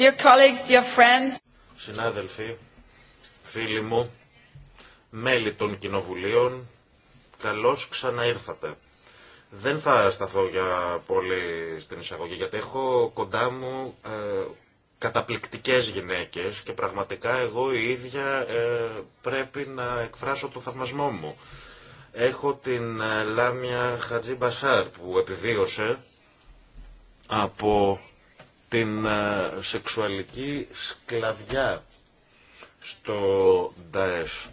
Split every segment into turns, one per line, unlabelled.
Dear colleagues, dear
Συνάδελφοι, φίλοι μου, μέλη των κοινοβουλίων, καλώς ξαναήρθατε. Δεν θα σταθώ για πολύ στην εισαγωγή, γιατί έχω κοντά μου ε, καταπληκτικές γυναίκες και πραγματικά εγώ η ίδια ε, πρέπει να εκφράσω το θαυμασμό μου. Έχω την ε, Λάμια Χατζή Μπασάρ που επιβίωσε από την ε, σεξουαλική σκλαβιά στο ΝΤΑΕΣ,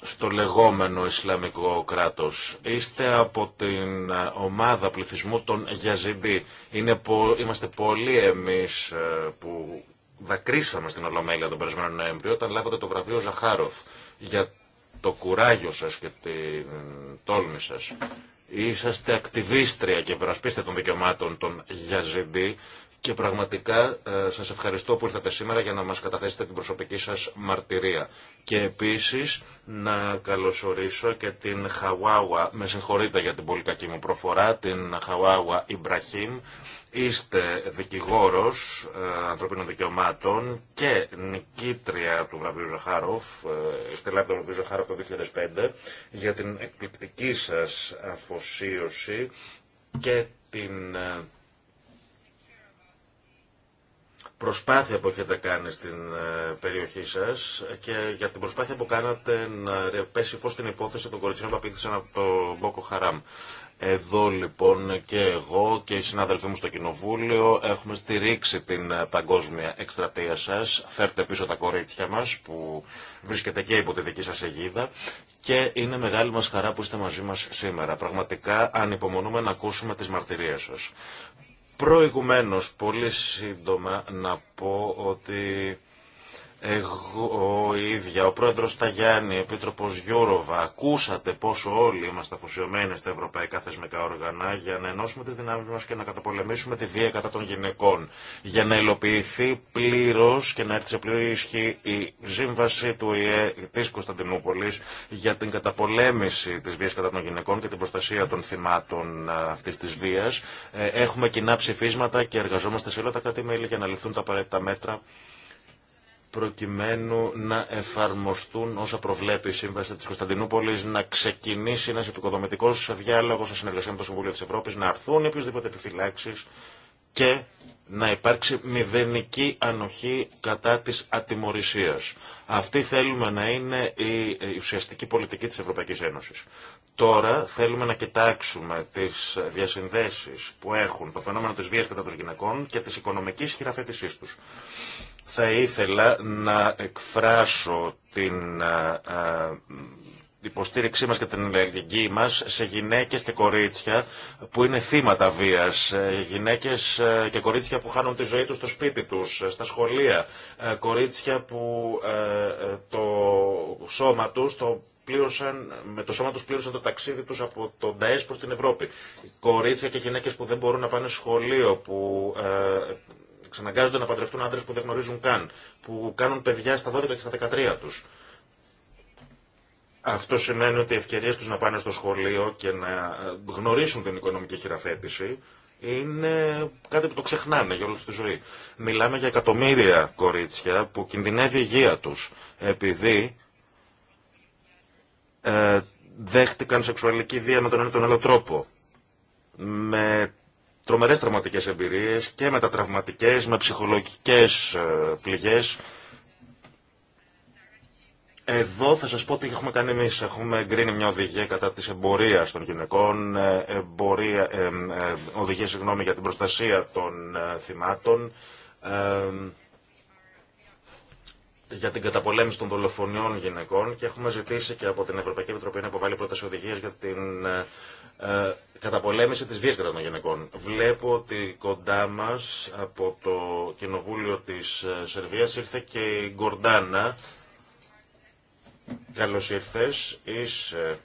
στο λεγόμενο Ισλαμικό κράτος. Είστε από την ε, ομάδα πληθυσμού των Γιαζιντή. Είναι Είμαστε πολλοί εμείς ε, που δακρύσαμε στην Ολομέλεια τον περασμένο Νοέμβριο όταν λάβατε το βραβείο Ζαχάροφ για το κουράγιο σας και την τόλμη σας. Είσαστε ακτιβίστρια και περασπίστε των δικαιωμάτων των Γιαζιντή και πραγματικά ε, σας ευχαριστώ που ήρθατε σήμερα για να μας καταθέσετε την προσωπική σας μαρτυρία. Και επίσης να καλωσορίσω και την Χαουάουα, με συγχωρείτε για την πολύ κακή μου προφορά, την Χαουάουα Ιμπραχήμ. Είστε δικηγόρος ε, ανθρωπίνων δικαιωμάτων και νικήτρια του βραβείου Ζαχάροφ, είστε λάβει το βραβείο Ζαχάροφ το 2005, για την εκπληκτική σας αφοσίωση και την... Ε, προσπάθεια που έχετε κάνει στην ε, περιοχή σας και για την προσπάθεια που κάνατε να πέσει φως στην υπόθεση των κοριτσιών που απήχθησαν από το Μπόκο Χαράμ. Εδώ λοιπόν και εγώ και οι συνάδελφοί μου στο Κοινοβούλιο έχουμε στηρίξει την ε, παγκόσμια εκστρατεία σας. Φέρτε πίσω τα κορίτσια μας που βρίσκεται και υπό τη δική σας αιγίδα και είναι μεγάλη μας χαρά που είστε μαζί μας σήμερα. Πραγματικά ανυπομονούμε να ακούσουμε τις μαρτυρίες σας. Προηγουμένως, πολύ σύντομα να πω ότι εγώ ίδια, ο πρόεδρο Ταγιάννη, ο επίτροπο Γιώροβα, ακούσατε πόσο όλοι είμαστε αφοσιωμένοι στα ευρωπαϊκά θεσμικά όργανα για να ενώσουμε τι δυνάμει μα και να καταπολεμήσουμε τη βία κατά των γυναικών. Για να υλοποιηθεί πλήρω και να έρθει σε πλήρη ισχύ η σύμβαση του ΙΕ τη Κωνσταντινούπολη για την καταπολέμηση τη βία κατά των γυναικών και την προστασία των θυμάτων ε, αυτή τη βία. Ε, έχουμε κοινά ψηφίσματα και εργαζόμαστε σε όλα τα κράτη-μέλη για να ληφθούν τα απαραίτητα μέτρα προκειμένου να εφαρμοστούν όσα προβλέπει η Σύμβαση τη Κωνσταντινούπολη, να ξεκινήσει ένα επικοδομητικό διάλογο σε συνεργασία με το Συμβούλιο τη Ευρώπη, να αρθούν οποιοδήποτε επιφυλάξει και να υπάρξει μηδενική ανοχή κατά της ατιμορρησίας. Αυτή θέλουμε να είναι η ουσιαστική πολιτική της Ευρωπαϊκής Ένωσης. Τώρα θέλουμε να κοιτάξουμε τις διασυνδέσεις που έχουν το φαινόμενο της βίας κατά των γυναικών και τη οικονομική χειραφέτησής τους. Θα ήθελα να εκφράσω την ε, ε, υποστήριξή μας και την ελεγγύη μας σε γυναίκες και κορίτσια που είναι θύματα βίας, ε, γυναίκες και κορίτσια που χάνουν τη ζωή τους στο σπίτι τους, στα σχολεία, κορίτσια που το σώμα τους, το πλήρωσαν, με το σώμα τους πλήρωσαν το ταξίδι τους από τον ΤΑΕΣ προς την Ευρώπη. Κορίτσια και γυναίκες που δεν μπορούν να πάνε σχολείο, που Ξαναγκάζονται να παντρευτούν άντρε που δεν γνωρίζουν καν, που κάνουν παιδιά στα 12 και στα 13 του. Αυτό σημαίνει ότι οι ευκαιρίε του να πάνε στο σχολείο και να γνωρίσουν την οικονομική χειραφέτηση είναι κάτι που το ξεχνάνε για όλη τη ζωή. Μιλάμε για εκατομμύρια κορίτσια που κινδυνεύει η υγεία του επειδή ε, δέχτηκαν σεξουαλική βία με τον ένα τον άλλο τρόπο. Με τρομερές τραυματικές εμπειρίες και μετατραυματικές, με ψυχολογικές ε, πληγές. Εδώ θα σας πω τι έχουμε κάνει εμείς. Έχουμε εγκρίνει μια οδηγία κατά της εμπορίας των γυναικών, ε, εμπορία, ε, ε, οδηγία συγγνώμη, για την προστασία των ε, θυμάτων, για την καταπολέμηση των δολοφονιών γυναικών και έχουμε ζητήσει και από την Ευρωπαϊκή Επιτροπή να υποβάλει πρόταση οδηγία για την ε, ε, καταπολέμηση της βίας κατά των γυναικών. Βλέπω ότι κοντά μας από το Κοινοβούλιο της ε, Σερβίας ήρθε και η Γκορντάνα. Καλώ ήρθες, είσαι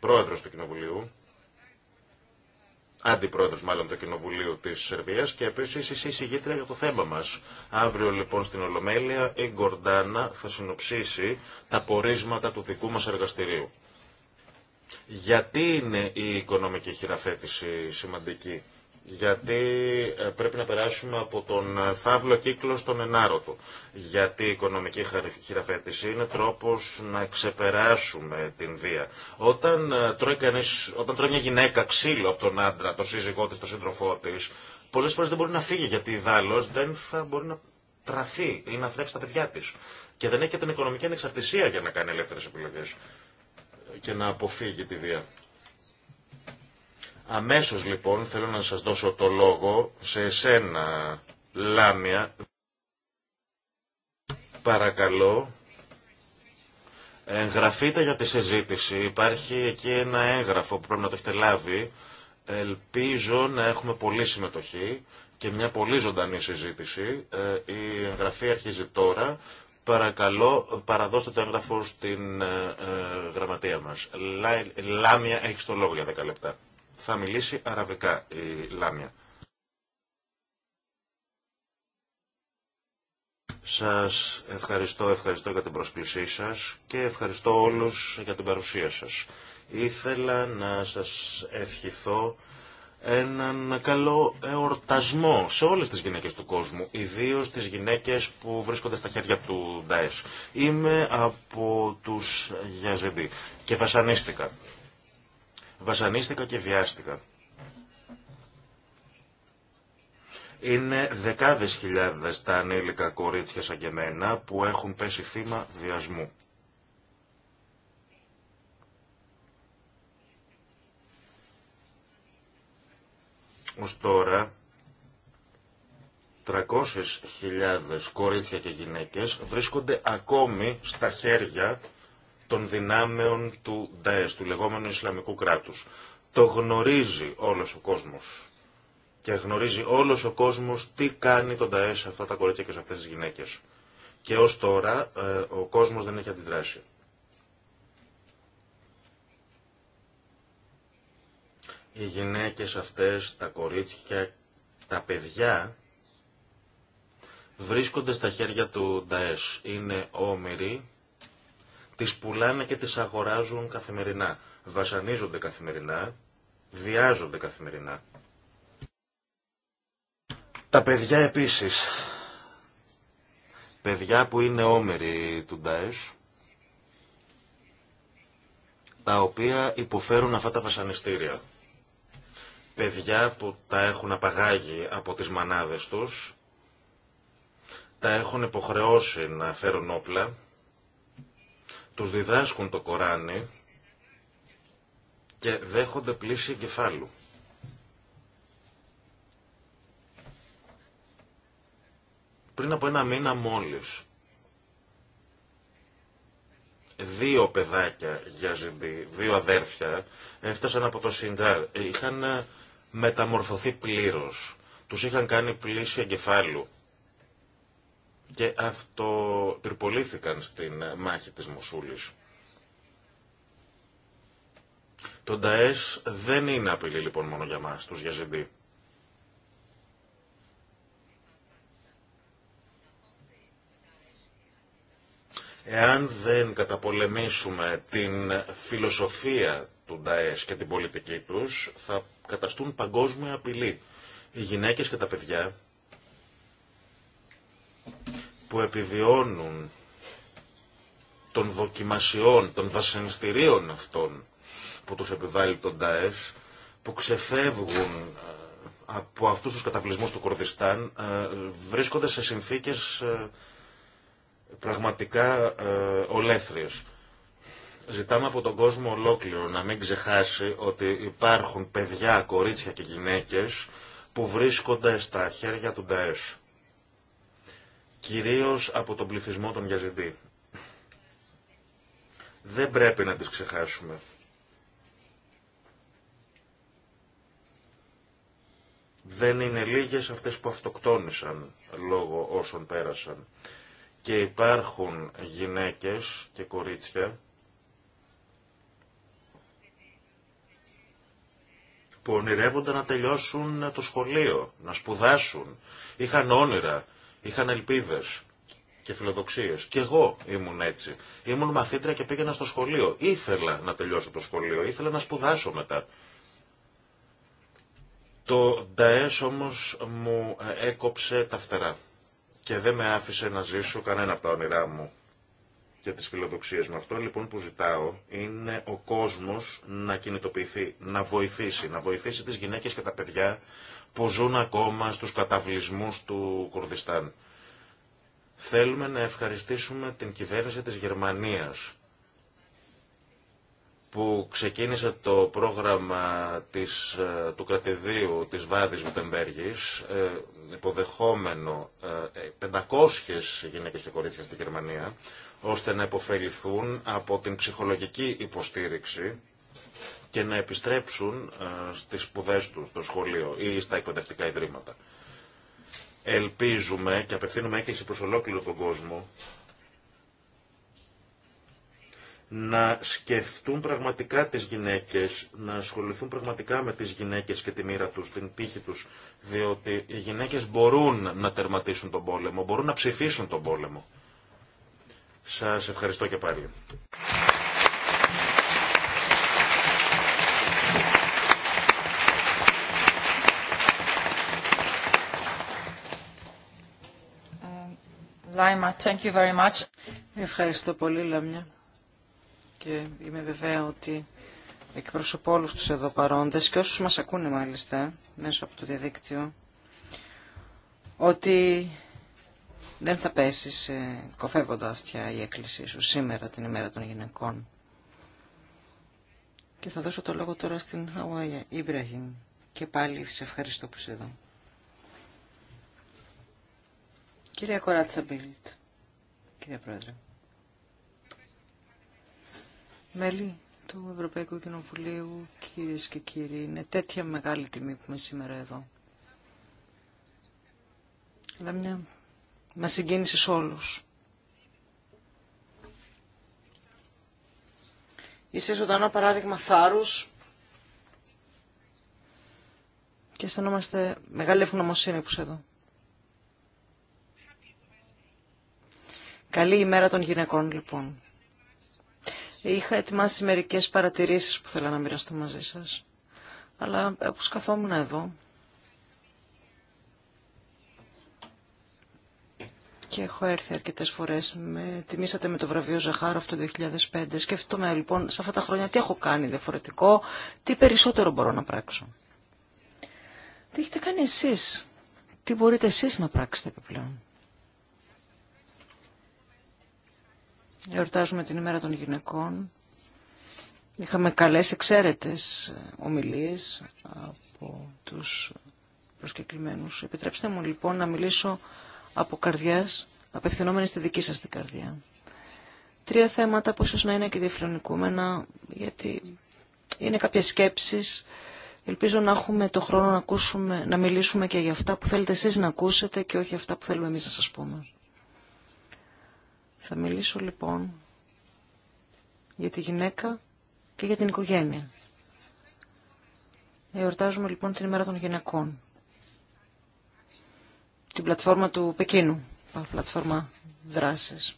πρόεδρος του Κοινοβουλίου. Αντιπρόεδρο μάλλον του Κοινοβουλίου της Σερβίας και επίση εσύ συγγήτρια για το θέμα μας. Αύριο λοιπόν στην Ολομέλεια η Γκορντάνα θα συνοψίσει τα πορίσματα του δικού μα εργαστηρίου. Γιατί είναι η οικονομική χειραφέτηση σημαντική γιατί ε, πρέπει να περάσουμε από τον φαύλο ε, κύκλο στον ενάρωτο. Γιατί η οικονομική χειραφέτηση είναι τρόπος να ξεπεράσουμε την βία. Όταν ε, τρώει, όταν τρώει μια γυναίκα ξύλο από τον άντρα, τον σύζυγό της, τον σύντροφό της, πολλές φορές δεν μπορεί να φύγει γιατί η δάλος δεν θα μπορεί να τραφεί ή να θρέψει τα παιδιά της. Και δεν έχει και την οικονομική ανεξαρτησία για να κάνει ελεύθερες επιλογές και να αποφύγει τη βία. Αμέσως λοιπόν θέλω να σας δώσω το λόγο σε εσένα Λάμια. Παρακαλώ. Εγγραφείτε για τη συζήτηση. Υπάρχει εκεί ένα έγγραφο που πρέπει να το έχετε λάβει. Ελπίζω να έχουμε πολλή συμμετοχή και μια πολύ ζωντανή συζήτηση. Ε, η εγγραφή αρχίζει τώρα. Παρακαλώ, παραδώστε το έγγραφο στην ε, ε, γραμματεία μας. Λάμια, έχεις το λόγο για 10 λεπτά. Θα μιλήσει αραβικά η Λάμια. Σας ευχαριστώ, ευχαριστώ για την πρόσκλησή σας και ευχαριστώ όλους για την παρουσία σας. Ήθελα να σας ευχηθώ έναν καλό εορτασμό σε όλες τις γυναίκες του κόσμου, ιδίως τις γυναίκες που βρίσκονται στα χέρια του ΝΤΑΕΣ. Είμαι από τους Γιαζεντή και βασανίστηκα Βασανίστηκα και βιάστηκα. Είναι δεκάδες χιλιάδες τα ανήλικα κορίτσια σαν και που έχουν πέσει θύμα βιασμού. Ως τώρα, 300.000 κορίτσια και γυναίκες βρίσκονται ακόμη στα χέρια των δυνάμεων του ΝΤΑΕΣ, του λεγόμενου Ισλαμικού κράτους. Το γνωρίζει όλος ο κόσμος. Και γνωρίζει όλος ο κόσμος τι κάνει τον ΝΤΑΕΣ σε αυτά τα κορίτσια και σε αυτές τις γυναίκες. Και ως τώρα ε, ο κόσμος δεν έχει αντιδράσει. Οι γυναίκες αυτές, τα κορίτσια, τα παιδιά βρίσκονται στα χέρια του ΝΤΑΕΣ. Είναι όμοιροι Τις πουλάνε και τις αγοράζουν καθημερινά. Βασανίζονται καθημερινά, βιάζονται καθημερινά. Τα παιδιά επίσης. Παιδιά που είναι όμεροι του Ντάις. τα οποία υποφέρουν αυτά τα βασανιστήρια. Παιδιά που τα έχουν απαγάγει από τις μανάδες τους, τα έχουν υποχρεώσει να φέρουν όπλα, τους διδάσκουν το Κοράνι και δέχονται πλήση εγκεφάλου. Πριν από ένα μήνα μόλις, δύο παιδάκια για ζυμπή, δύο αδέρφια, έφτασαν από το Σιντζάρ. Είχαν ε, μεταμορφωθεί πλήρως. Τους είχαν κάνει πλήση εγκεφάλου και αυτοπυρπολήθηκαν στην μάχη της Μοσούλης. Το Νταές δεν είναι απειλή λοιπόν μόνο για μας, τους Γιαζιντή. Εάν δεν καταπολεμήσουμε την φιλοσοφία του Νταές και την πολιτική τους, θα καταστούν παγκόσμια απειλή. Οι γυναίκες και τα παιδιά που επιβιώνουν των δοκιμασιών, των βασανιστήριων αυτών που τους επιβάλλει τον ΤΑΕΣ, που ξεφεύγουν ε, από αυτούς τους καταβλισμούς του Κορδιστάν, ε, βρίσκονται σε συνθήκες ε, πραγματικά ολέθριες. Ζητάμε από τον κόσμο ολόκληρο να μην ξεχάσει ότι υπάρχουν παιδιά, κορίτσια και γυναίκες που βρίσκονται στα χέρια του ΤΑΕΣ κυρίως από τον πληθυσμό των Γιαζιντή. Δεν πρέπει να τις ξεχάσουμε. Δεν είναι λίγες αυτές που αυτοκτόνησαν λόγω όσων πέρασαν. Και υπάρχουν γυναίκες και κορίτσια που ονειρεύονταν να τελειώσουν το σχολείο, να σπουδάσουν. Είχαν όνειρα είχαν ελπίδε και φιλοδοξίε. Και εγώ ήμουν έτσι. Ήμουν μαθήτρια και πήγαινα στο σχολείο. Ήθελα να τελειώσω το σχολείο, ήθελα να σπουδάσω μετά. Το ΝΤΑΕΣ όμως μου ε, έκοψε τα φτερά και δεν με άφησε να ζήσω κανένα από τα όνειρά μου και τις φιλοδοξίες μου. Αυτό λοιπόν που ζητάω είναι ο κόσμος να κινητοποιηθεί, να βοηθήσει, να βοηθήσει τις γυναίκες και τα παιδιά που ζουν ακόμα στους καταβλισμούς του Κουρδιστάν. Θέλουμε να ευχαριστήσουμε την κυβέρνηση της Γερμανίας που ξεκίνησε το πρόγραμμα της, ε, του κρατηδίου της Βάδης Βουτεμπέργης, ε, υποδεχόμενο 500 ε, γυναίκες και κορίτσια στη Γερμανία, ώστε να υποφεληθούν από την ψυχολογική υποστήριξη και να επιστρέψουν ε, στις σπουδέ τους στο σχολείο ή στα εκπαιδευτικά ιδρύματα. Ελπίζουμε και απευθύνουμε έκκληση προς ολόκληρο τον κόσμο να σκεφτούν πραγματικά τις γυναίκες, να ασχοληθούν πραγματικά με τις γυναίκες και τη μοίρα τους, την τύχη τους, διότι οι γυναίκες μπορούν να τερματίσουν τον πόλεμο, μπορούν να ψηφίσουν τον πόλεμο. Σας ευχαριστώ και πάλι.
Ευχαριστώ πολύ, Λάμια. Και είμαι βεβαία ότι εκπροσωπώ όλους τους εδώ παρόντες και όσους μας ακούνε μάλιστα μέσω από το διαδίκτυο ότι δεν θα πέσει σε κοφεύοντα αυτιά η έκκλησή σου σήμερα την ημέρα των γυναικών. Και θα δώσω το λόγο τώρα στην Αουάια Ιμπραχήμ. Και πάλι σε ευχαριστώ που είσαι εδώ. Κυρία Κοράτσα Μπίλτ. Κυρία Πρόεδρε. Μέλη του Ευρωπαϊκού Κοινοβουλίου, κυρίε και κύριοι, είναι τέτοια μεγάλη τιμή που είμαι σήμερα εδώ. Αλλά μια μας συγκίνησε σε όλους. Είσαι ζωντανό παράδειγμα θάρρους και αισθανόμαστε μεγάλη ευγνωμοσύνη που είσαι εδώ. Καλή ημέρα των γυναικών, λοιπόν. Είχα ετοιμάσει μερικές παρατηρήσεις που θέλω να μοιραστώ μαζί σας. Αλλά ε, όπως καθόμουν εδώ και έχω έρθει αρκετέ φορέ. με τιμήσατε με το βραβείο Ζαχάροφ το 2005. Σκέφτομαι λοιπόν σε αυτά τα χρόνια τι έχω κάνει διαφορετικό, τι περισσότερο μπορώ να πράξω. Τι έχετε κάνει εσεί. τι μπορείτε εσεί να πράξετε επιπλέον. Εορτάζουμε την ημέρα των γυναικών. Είχαμε καλές εξαίρετες ε, ομιλίες από τους προσκεκλημένους. Επιτρέψτε μου λοιπόν να μιλήσω από καρδιάς, απευθυνόμενη στη δική σας την καρδιά. Τρία θέματα που ίσως να είναι και διαφιλονικούμενα, γιατί είναι κάποιες σκέψεις. Ελπίζω να έχουμε το χρόνο να, ακούσουμε, να μιλήσουμε και για αυτά που θέλετε εσείς να ακούσετε και όχι αυτά που θέλουμε εμείς να σας πούμε. Θα μιλήσω λοιπόν για τη γυναίκα και για την οικογένεια. Εορτάζουμε λοιπόν την ημέρα των γυναικών. Την πλατφόρμα του Πεκίνου, πλατφόρμα δράσης.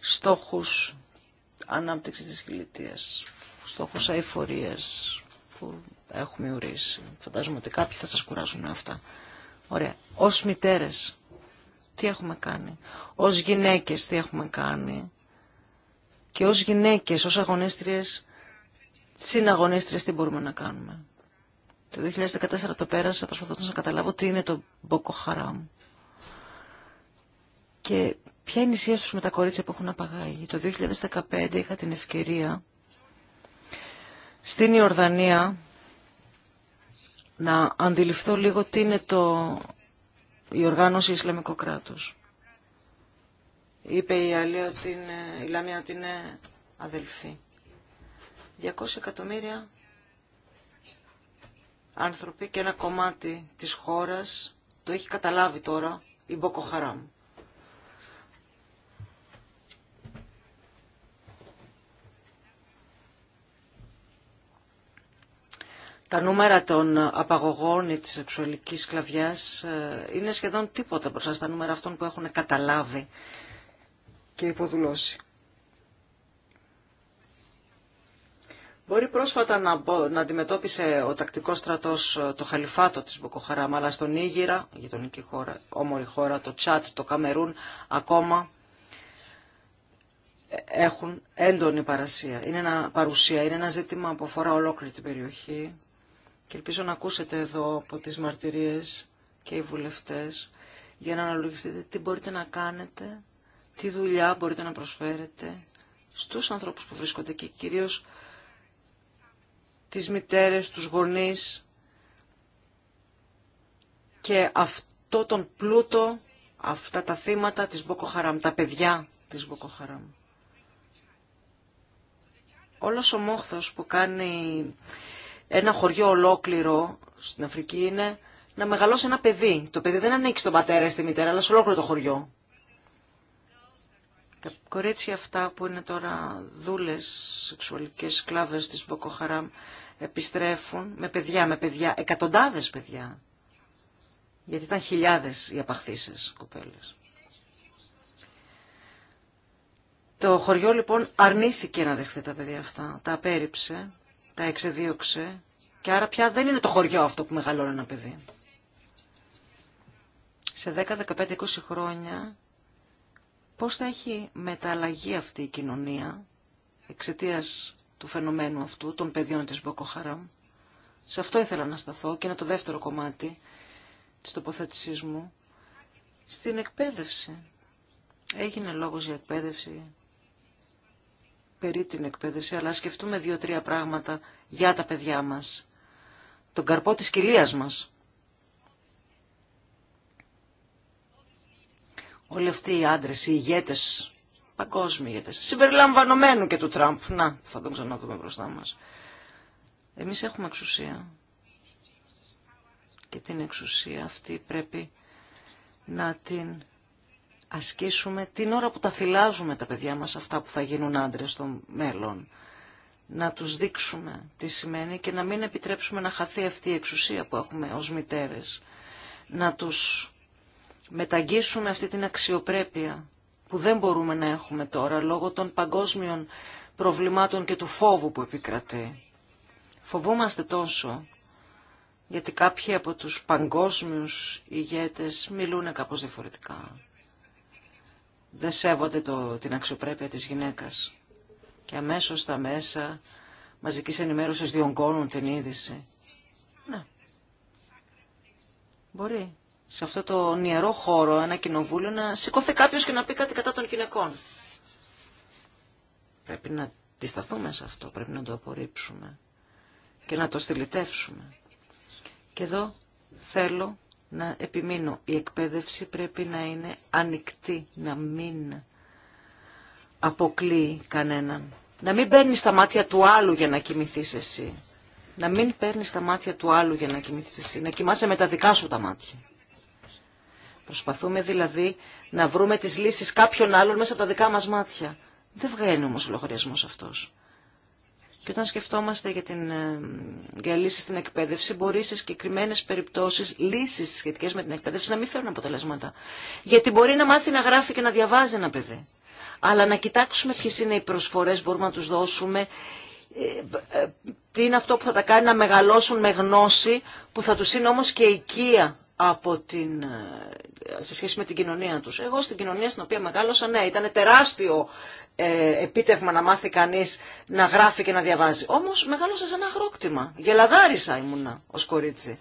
Στόχους ανάπτυξης της χιλιτίας, στόχους αηφορίας που έχουμε ορίσει. Φαντάζομαι ότι κάποιοι θα σας κουράζουν αυτά. Ωραία. Ως μητέρες τι έχουμε κάνει, ως γυναίκες τι έχουμε κάνει και ως γυναίκες, ως αγωνίστριες, συναγωνίστριες τι μπορούμε να κάνουμε. Το 2014 το πέρασα προσπαθώντας να καταλάβω τι είναι το Μποκοχαράμ και ποια είναι η σχέση τους με τα κορίτσια που έχουν απαγάγει. Το 2015 είχα την ευκαιρία στην Ιορδανία να αντιληφθώ λίγο τι είναι το η οργάνωση Ισλαμικό κράτος. Είπε η άλλη ότι είναι, η Λαμία ότι είναι αδελφή. 200 εκατομμύρια άνθρωποι και ένα κομμάτι της χώρας το έχει καταλάβει τώρα η Μποκοχαράμ. Τα νούμερα των απαγωγών ή της σεξουαλικής σκλαβιάς ε, είναι σχεδόν τίποτα μπροστά στα νούμερα αυτών που έχουν καταλάβει και υποδουλώσει. Μπορεί πρόσφατα να, να αντιμετώπισε ο τακτικός στρατός ε, το χαλιφάτο της μποκοχαραμα αλλά στον Ήγυρα, η γειτονική χώρα, όμορη χώρα, το Τσάτ, το Καμερούν, ακόμα έχουν έντονη παρασία. Είναι παρουσία. Είναι ένα ζήτημα που αφορά ολόκληρη την περιοχή και ελπίζω να ακούσετε εδώ από τις μαρτυρίες και οι βουλευτές για να αναλογιστείτε τι μπορείτε να κάνετε, τι δουλειά μπορείτε να προσφέρετε στους ανθρώπους που βρίσκονται και κυρίως τις μητέρες, τους γονείς και αυτό τον πλούτο, αυτά τα θύματα της Μποκοχαράμ, τα παιδιά της Μποκοχαράμ. Όλος ο μόχθος που κάνει ένα χωριό ολόκληρο στην Αφρική είναι να μεγαλώσει ένα παιδί. Το παιδί δεν ανήκει στον πατέρα ή στη μητέρα, αλλά σε ολόκληρο το χωριό. Τα κορίτσια αυτά που είναι τώρα δούλες, σεξουαλικές σκλάβες της Μποκοχαράμ, επιστρέφουν με παιδιά, με παιδιά, εκατοντάδες παιδιά. Γιατί ήταν χιλιάδες οι απαχθήσεις κοπέλες. Το χωριό λοιπόν αρνήθηκε να δεχθεί τα παιδιά αυτά, τα απέρριψε τα εξεδίωξε και άρα πια δεν είναι το χωριό αυτό που μεγαλώνει ένα παιδί. Σε 10, 15, 20 χρόνια πώς θα έχει μεταλλαγή αυτή η κοινωνία εξαιτίας του φαινομένου αυτού των παιδιών της Μποκοχαράμ. Σε αυτό ήθελα να σταθώ και είναι το δεύτερο κομμάτι της τοποθέτησής μου. Στην εκπαίδευση. Έγινε λόγος για εκπαίδευση περί την εκπαίδευση, αλλά σκεφτούμε δύο-τρία πράγματα για τα παιδιά μας. Τον καρπό της κοιλίας μας. Όλοι αυτοί οι άντρες, οι ηγέτες, παγκόσμιοι ηγέτες, συμπεριλαμβανομένου και του Τραμπ, να, θα τον ξαναδούμε μπροστά μας. Εμείς έχουμε εξουσία και την εξουσία αυτή πρέπει να την ασκήσουμε την ώρα που τα θυλάζουμε τα παιδιά μας αυτά που θα γίνουν άντρες στο μέλλον. Να τους δείξουμε τι σημαίνει και να μην επιτρέψουμε να χαθεί αυτή η εξουσία που έχουμε ως μητέρες. Να τους μεταγγίσουμε αυτή την αξιοπρέπεια που δεν μπορούμε να έχουμε τώρα λόγω των παγκόσμιων προβλημάτων και του φόβου που επικρατεί. Φοβούμαστε τόσο γιατί κάποιοι από τους παγκόσμιους ηγέτες μιλούν κάπως διαφορετικά δεν σέβονται το, την αξιοπρέπεια της γυναίκας. Και αμέσως τα μέσα μαζικής ενημέρωσης διονγκώνουν την είδηση. Ναι. Μπορεί. Σε αυτό το νιερό χώρο, ένα κοινοβούλιο, να σηκωθεί κάποιος και να πει κάτι κατά των γυναικών. Πρέπει να αντισταθούμε σε αυτό, πρέπει να το απορρίψουμε και να το στυλιτεύσουμε. Και εδώ θέλω να επιμείνω. Η εκπαίδευση πρέπει να είναι ανοιχτή, να μην αποκλεί κανέναν. Να μην παίρνει τα μάτια του άλλου για να κοιμηθεί εσύ. Να μην παίρνει τα μάτια του άλλου για να κοιμηθεί εσύ. Να κοιμάσαι με τα δικά σου τα μάτια. Προσπαθούμε δηλαδή να βρούμε τις λύσεις κάποιων άλλων μέσα από τα δικά μας μάτια. Δεν βγαίνει όμως ο λογαριασμό αυτός. Και όταν σκεφτόμαστε για, την, ε, για στην εκπαίδευση, μπορεί σε συγκεκριμένε περιπτώσει λύσει σχετικέ με την εκπαίδευση να μην φέρουν αποτελέσματα. Γιατί μπορεί να μάθει να γράφει και να διαβάζει ένα παιδί. Αλλά να κοιτάξουμε ποιε είναι οι προσφορέ που μπορούμε να του δώσουμε, ε, ε, τι είναι αυτό που θα τα κάνει να μεγαλώσουν με γνώση, που θα του είναι όμω και οικία από την, ε, σε σχέση με την κοινωνία τους. Εγώ στην κοινωνία στην οποία μεγάλωσα, ναι, ήταν τεράστιο ε, επίτευγμα να μάθει κανείς να γράφει και να διαβάζει. Όμως μεγάλωσα σε ένα αγρόκτημα. Γελαδάρισα ήμουνα ως κορίτσι.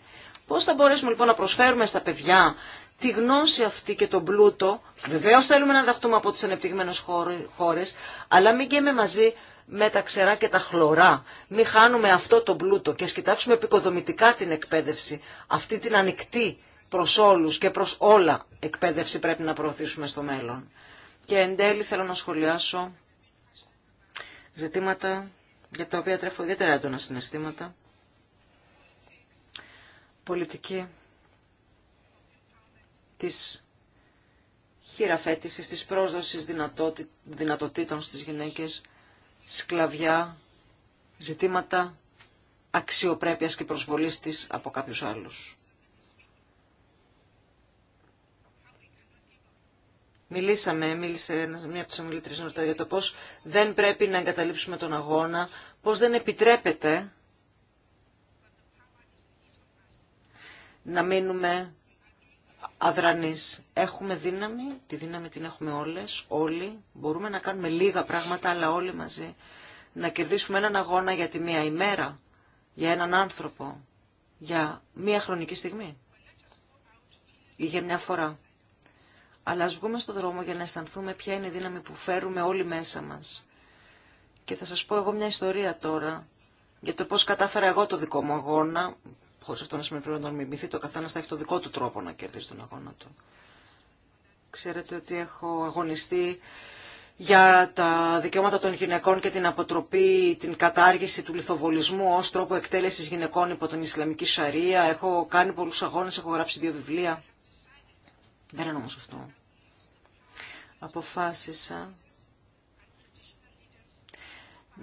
Πώς θα μπορέσουμε λοιπόν να προσφέρουμε στα παιδιά τη γνώση αυτή και τον πλούτο. Βεβαίως θέλουμε να δαχτούμε από τις ανεπτυγμένες χώρες, αλλά μην καίμε μαζί με τα ξερά και τα χλωρά. μη χάνουμε αυτό το πλούτο και σκοιτάξουμε επικοδομητικά την εκπαίδευση, αυτή την ανοιχτή προς όλους και προς όλα εκπαίδευση πρέπει να προωθήσουμε στο μέλλον. Και εν τέλει θέλω να σχολιάσω ζητήματα για τα οποία τρέφω ιδιαίτερα έντονα συναισθήματα. Πολιτική της χειραφέτησης, της πρόσδοσης δυνατοτήτων στις γυναίκες σκλαβιά, ζητήματα αξιοπρέπειας και προσβολής της από κάποιους άλλους. Μιλήσαμε, μίλησε μία από τις ομιλήτρες για το πώς δεν πρέπει να εγκαταλείψουμε τον αγώνα, πώς δεν επιτρέπεται να μείνουμε αδρανείς. Έχουμε δύναμη, τη δύναμη την έχουμε όλες, όλοι. Μπορούμε να κάνουμε λίγα πράγματα, αλλά όλοι μαζί. Να κερδίσουμε έναν αγώνα για τη μία ημέρα, για έναν άνθρωπο, για μία χρονική στιγμή ή για μια φορά. Αλλά ας βγούμε στον δρόμο για να αισθανθούμε ποια είναι η δύναμη που φέρουμε όλοι μέσα μας. Και θα σας πω εγώ μια ιστορία τώρα για το πώς κατάφερα εγώ το δικό μου αγώνα Χωρί αυτό να σημαίνει πρέπει να τον μιμηθεί, το καθένα θα έχει το δικό του τρόπο να κερδίσει τον αγώνα του. Ξέρετε ότι έχω αγωνιστεί για τα δικαιώματα των γυναικών και την αποτροπή, την κατάργηση του λιθοβολισμού ως τρόπο εκτέλεσης γυναικών υπό τον Ισλαμική Σαρία. Έχω κάνει πολλούς αγώνες, έχω γράψει δύο βιβλία. Δεν είναι όμως αυτό. Αποφάσισα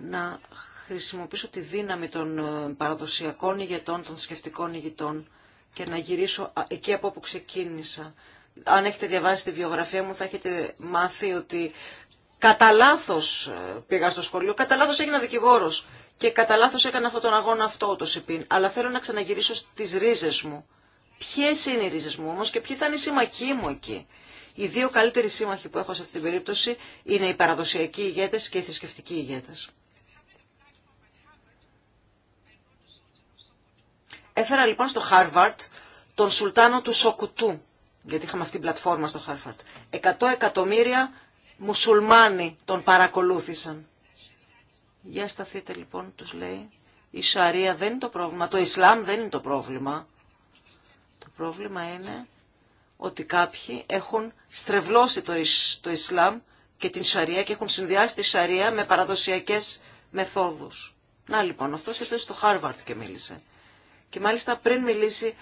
να χρησιμοποιήσω τη δύναμη των ε, παραδοσιακών ηγετών, των θρησκευτικών ηγετών και να γυρίσω εκεί από όπου ξεκίνησα. Αν έχετε διαβάσει τη βιογραφία μου θα έχετε μάθει ότι κατά λάθο ε, πήγα στο σχολείο, κατά λάθο έγινα δικηγόρο και κατά λάθο έκανα αυτόν τον αγώνα αυτό το ΣΥΠΗΝ. Αλλά θέλω να ξαναγυρίσω στι ρίζε μου. Ποιε είναι οι ρίζε μου όμω και ποιοι θα είναι οι σύμμαχοί μου εκεί. Οι δύο καλύτεροι σύμμαχοι που έχω σε αυτή την περίπτωση είναι οι παραδοσιακοί ηγέτε και οι θρησκευτικοί ηγέτε. Έφερα λοιπόν στο Χάρβαρτ τον Σουλτάνο του Σοκουτού, γιατί είχαμε αυτή την πλατφόρμα στο Χάρβαρτ. Εκατό εκατομμύρια μουσουλμάνοι τον παρακολούθησαν. Για σταθείτε λοιπόν, τους λέει, η Σαρία δεν είναι το πρόβλημα, το Ισλάμ δεν είναι το πρόβλημα. Το πρόβλημα είναι ότι κάποιοι έχουν στρεβλώσει το, το Ισλάμ και την Σαρία και έχουν συνδυάσει τη Σαρία με παραδοσιακές μεθόδους. Να λοιπόν, αυτός ήρθε στο Χάρβαρτ και μίλησε. Και μάλιστα πριν μιλήσει,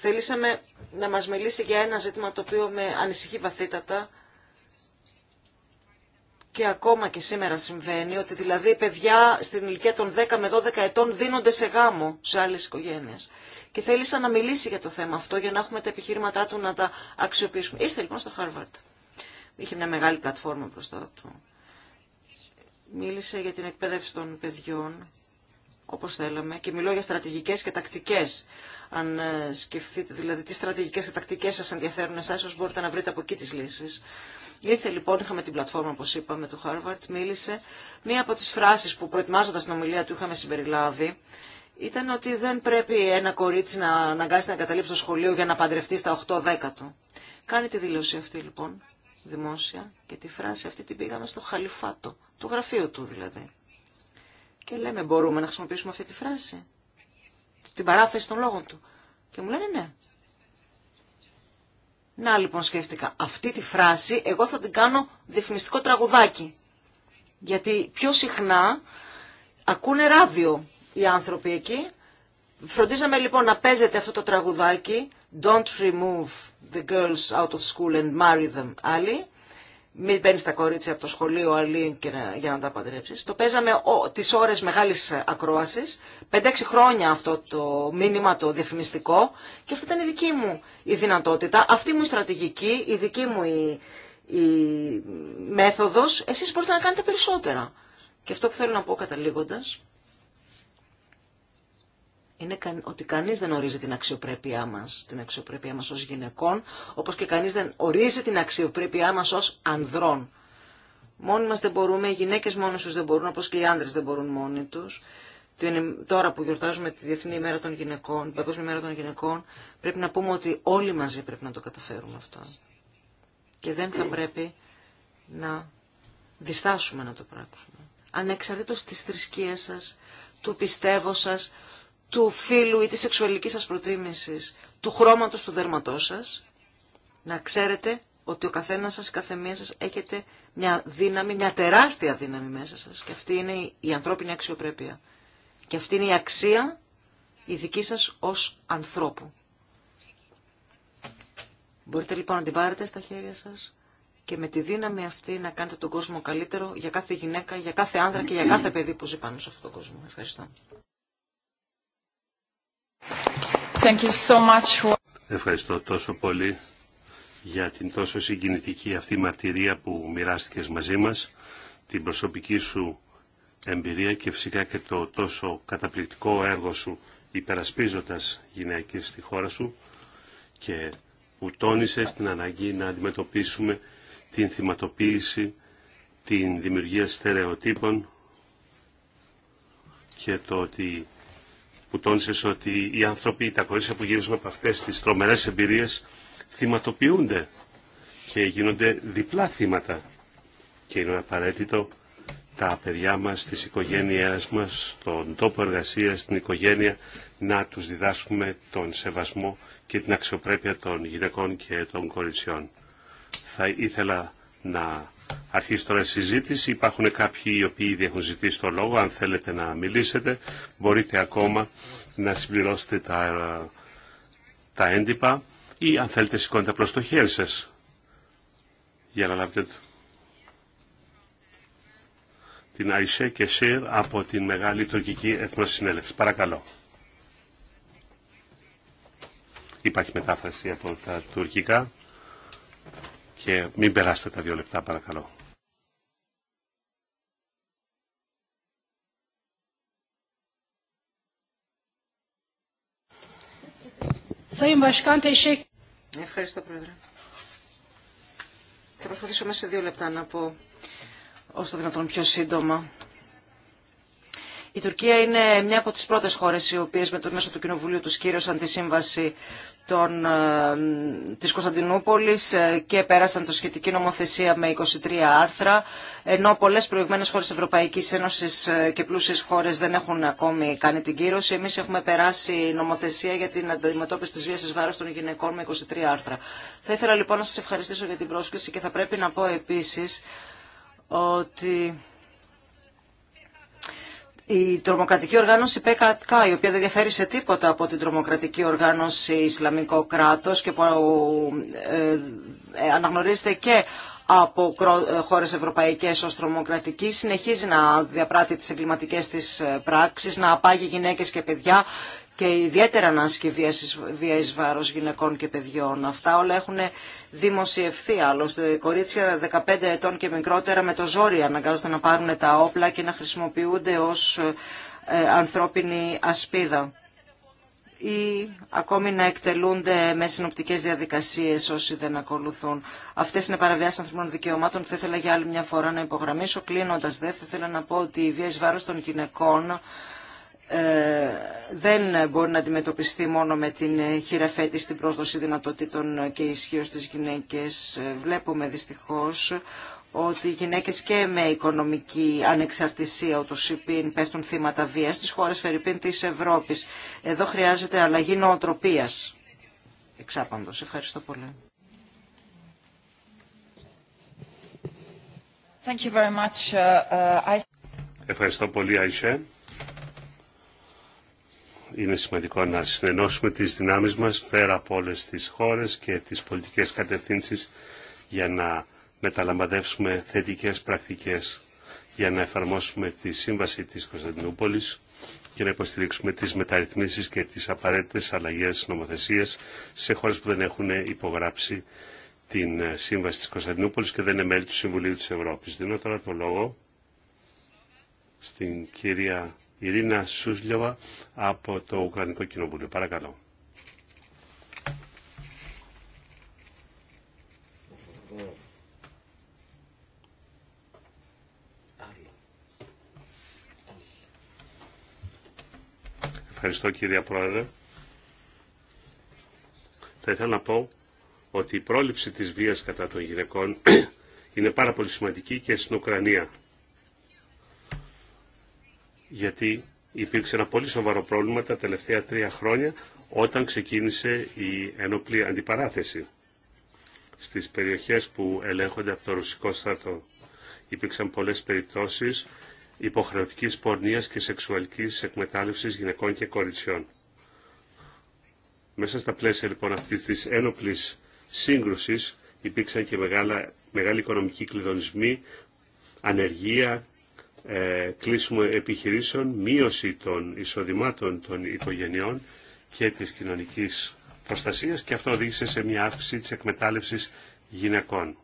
θέλησαμε να μας μιλήσει για ένα ζήτημα το οποίο με ανησυχεί βαθύτατα και ακόμα και σήμερα συμβαίνει, ότι δηλαδή παιδιά στην ηλικία των 10 με 12 ετών δίνονται σε γάμο σε άλλες οικογένειες. Και θέλησα να μιλήσει για το θέμα αυτό για να έχουμε τα επιχείρηματά του να τα αξιοποιήσουμε. Ήρθε λοιπόν στο Χάρβαρτ. Είχε μια μεγάλη πλατφόρμα μπροστά του. Μίλησε για την εκπαίδευση των παιδιών όπως θέλαμε και μιλώ για στρατηγικές και τακτικές. Αν ε, σκεφτείτε δηλαδή τι στρατηγικές και τακτικές σας ενδιαφέρουν εσάς, όσο μπορείτε να βρείτε από εκεί τις λύσεις. Ήρθε λοιπόν, είχαμε την πλατφόρμα όπως είπαμε του Χάρβαρτ, μίλησε. Μία από τις φράσεις που προετοιμάζοντας την ομιλία του είχαμε συμπεριλάβει ήταν ότι δεν πρέπει ένα κορίτσι να αναγκάσει να εγκαταλείψει το σχολείο για να παντρευτεί στα 8-10 του. Κάνει τη δήλωση αυτή λοιπόν δημόσια και τη φράση αυτή την πήγαμε στο χαλιφάτο, το γραφείο του δηλαδή. Και λέμε μπορούμε να χρησιμοποιήσουμε αυτή τη φράση. Την παράθεση των λόγων του. Και μου λένε ναι. Να λοιπόν σκέφτηκα, αυτή τη φράση εγώ θα την κάνω διεφημιστικό τραγουδάκι. Γιατί πιο συχνά ακούνε ράδιο οι άνθρωποι εκεί. Φροντίζαμε λοιπόν να παίζεται αυτό το τραγουδάκι Don't remove the girls out of school and marry them, άλλοι μην παίρνει τα κορίτσια από το σχολείο αλλή και για να τα παντρέψει. Το παίζαμε τι τις ωρες ακρόαση, μεγάλης ακρόασης, χρόνια αυτό το μήνυμα το διαφημιστικό και αυτή ήταν η δική μου η δυνατότητα, αυτή μου η στρατηγική, η δική μου η, η μέθοδος, εσείς μπορείτε να κάνετε περισσότερα. Και αυτό που θέλω να πω καταλήγοντα είναι ότι κανείς δεν ορίζει την αξιοπρέπειά μας, την αξιοπρέπειά μας ως γυναικών, όπως και κανείς δεν ορίζει την αξιοπρέπειά μας ως ανδρών. Μόνοι μας δεν μπορούμε, οι γυναίκες μόνοι τους δεν μπορούν, όπως και οι άντρες δεν μπορούν μόνοι τους. Τώρα που γιορτάζουμε τη Διεθνή ημέρα των γυναικών, την Παγκόσμια μέρα των γυναικών, πρέπει να πούμε ότι όλοι μαζί πρέπει να το καταφέρουμε αυτό. Και δεν θα πρέπει να διστάσουμε να το πράξουμε. Ανεξαρτήτως της θρησκείας σας, του πιστεύω σας, του φίλου ή της σεξουαλικής σας προτίμησης, του χρώματος του δέρματός σας, να ξέρετε ότι ο καθένας σας, η καθεμία σας έχετε μια δύναμη, μια τεράστια δύναμη μέσα σας και αυτή είναι η ανθρώπινη αξιοπρέπεια. Και αυτή είναι η αξία η δική σας ως ανθρώπου. Μπορείτε λοιπόν να την πάρετε στα χέρια σας και με τη δύναμη αυτή να κάνετε τον κόσμο καλύτερο για κάθε γυναίκα, για κάθε άντρα και για κάθε παιδί που ζει πάνω σε αυτόν τον κόσμο. Ευχαριστώ.
Ευχαριστώ τόσο πολύ για την τόσο συγκινητική αυτή μαρτυρία που μοιράστηκες μαζί μας, την προσωπική σου εμπειρία και φυσικά και το τόσο καταπληκτικό έργο σου υπερασπίζοντας γυναίκες στη χώρα σου και που τόνισε την αναγκή να αντιμετωπίσουμε την θυματοποίηση, την δημιουργία στερεοτύπων και το ότι που τόνισε ότι οι άνθρωποι, τα κορίτσια που γυρίζουν από αυτέ τι τρομερέ εμπειρίε, θυματοποιούνται και γίνονται διπλά θύματα. Και είναι απαραίτητο τα παιδιά μας, τις οικογένειές μας, τον τόπο εργασία την οικογένεια, να τους διδάσκουμε τον σεβασμό και την αξιοπρέπεια των γυναικών και των κοριτσιών. Θα ήθελα να αρχίσει τώρα η συζήτηση. Υπάρχουν κάποιοι οι οποίοι ήδη έχουν ζητήσει το λόγο. Αν θέλετε να μιλήσετε, μπορείτε ακόμα να συμπληρώσετε τα, τα έντυπα ή αν θέλετε σηκώνετε απλώς το χέρι σας για να λάβετε το. Την Αϊσέ Κεσίρ από την Μεγάλη Τουρκική Εθνοσυνέλευση. Παρακαλώ. Υπάρχει μετάφραση από τα τουρκικά και μην περάσετε τα δύο λεπτά παρακαλώ.
Ευχαριστώ Πρόεδρε. Θα προσπαθήσω μέσα σε δύο λεπτά να πω όσο δυνατόν πιο σύντομα η Τουρκία είναι μια από τις πρώτες χώρες οι οποίες με το μέσο του Κοινοβουλίου του κύρωσαν τη σύμβαση των, ε, της Κωνσταντινούπολης ε, και πέρασαν το σχετική νομοθεσία με 23 άρθρα, ενώ πολλές προηγμένες χώρες Ευρωπαϊκής Ένωσης ε, και πλούσιες χώρες δεν έχουν ακόμη κάνει την κύρωση. Εμείς έχουμε περάσει νομοθεσία για την αντιμετώπιση της βίας εις βάρος των γυναικών με 23 άρθρα. Θα ήθελα λοιπόν να σας ευχαριστήσω για την πρόσκληση και θα πρέπει να πω επίσης ότι η τρομοκρατική οργάνωση ΠΕΚΑΤΚΑ, η οποία δεν διαφέρει σε τίποτα από την τρομοκρατική οργάνωση Ισλαμικό κράτος και που ε, ε, αναγνωρίζεται και από ε, χώρες ευρωπαϊκές ως τρομοκρατική, συνεχίζει να διαπράττει τις εγκληματικές της πράξεις, να απάγει γυναίκες και παιδιά και ιδιαίτερα να άσκει βία εις βάρος γυναικών και παιδιών. Αυτά όλα έχουν δημοσιευθεί άλλωστε. Κορίτσια 15 ετών και μικρότερα με το ζόρι αναγκάζονται να πάρουν τα όπλα και να χρησιμοποιούνται ως ε, ανθρώπινη ασπίδα ή ακόμη να εκτελούνται με συνοπτικέ διαδικασίε όσοι δεν ακολουθούν. Αυτέ είναι παραβιάσει ανθρωπίνων δικαιωμάτων που θα ήθελα για άλλη μια φορά να υπογραμμίσω. Κλείνοντα, δε, θα ήθελα να πω ότι η βία ει βάρο των γυναικών ε, δεν μπορεί να αντιμετωπιστεί μόνο με την χειραφέτηση, στην πρόσδοση δυνατοτήτων και ισχύω στις γυναίκες. Βλέπουμε δυστυχώς ότι οι γυναίκες και με οικονομική ανεξαρτησία ούτως υπήν πέφτουν θύματα βίας στις χώρες φερυπίν της Ευρώπης. Εδώ χρειάζεται αλλαγή νοοτροπίας. Εξάπαντος. Ευχαριστώ πολύ. Thank you very much. Uh, uh,
Ευχαριστώ πολύ, Άισε είναι σημαντικό να συνενώσουμε τις δυνάμεις μας πέρα από όλες τις χώρες και τις πολιτικές κατευθύνσεις για να μεταλαμπαδεύσουμε θετικές πρακτικές για να εφαρμόσουμε τη σύμβαση της Κωνσταντινούπολης και να υποστηρίξουμε τις μεταρρυθμίσεις και τις απαραίτητες αλλαγές νομοθεσίας σε χώρες που δεν έχουν υπογράψει την ε, σύμβαση της Κωνσταντινούπολης και δεν είναι μέλη του Συμβουλίου της Ευρώπης. Δίνω τώρα το λόγο στην κυρία Ειρήνα Σούσλιοβα από το Ουκρανικό Κοινοβούλιο. Παρακαλώ. Ευχαριστώ κύριε Πρόεδρε. Θα ήθελα να πω ότι η πρόληψη της βίας κατά των γυναικών είναι πάρα πολύ σημαντική και στην Ουκρανία γιατί υπήρξε ένα πολύ σοβαρό πρόβλημα τα τελευταία τρία χρόνια όταν ξεκίνησε η ενόπλη αντιπαράθεση στις περιοχές που ελέγχονται από το ρωσικό στρατό. Υπήρξαν πολλές περιπτώσεις υποχρεωτικής πορνείας και σεξουαλικής εκμετάλλευσης γυναικών και κοριτσιών. Μέσα στα πλαίσια λοιπόν αυτής της ένοπλης σύγκρουσης υπήρξαν και μεγάλα, μεγάλη οικονομική ανεργία, ε, επιχειρήσεων, μείωση των εισοδημάτων των οικογενειών και της κοινωνικής προστασίας και αυτό οδήγησε σε μια αύξηση της εκμετάλλευσης γυναικών.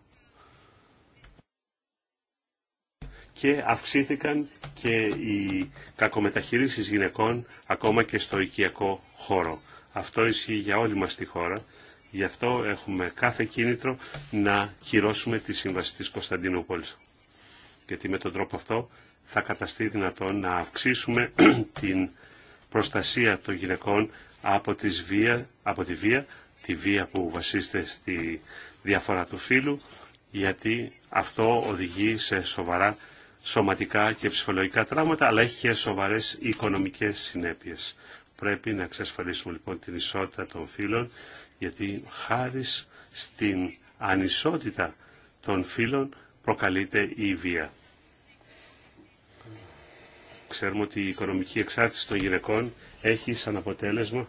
Και αυξήθηκαν και οι κακομεταχειρήσεις γυναικών ακόμα και στο οικιακό χώρο. Αυτό ισχύει για όλη μας τη χώρα. Γι' αυτό έχουμε κάθε κίνητρο να κυρώσουμε τη Σύμβαση της Κωνσταντινούπολης. Γιατί με τον τρόπο αυτό θα καταστεί δυνατόν να αυξήσουμε την προστασία των γυναικών από, τις βία, από τη βία, τη βία που βασίζεται στη διαφορά του φύλου, γιατί αυτό οδηγεί σε σοβαρά σωματικά και ψυχολογικά τραύματα, αλλά έχει και σοβαρές οικονομικές συνέπειες. Πρέπει να εξασφαλίσουμε λοιπόν την ισότητα των φύλων, γιατί χάρη στην ανισότητα των φύλων προκαλείται η βία. Ξέρουμε ότι η οικονομική εξάρτηση των γυναικών έχει σαν αποτέλεσμα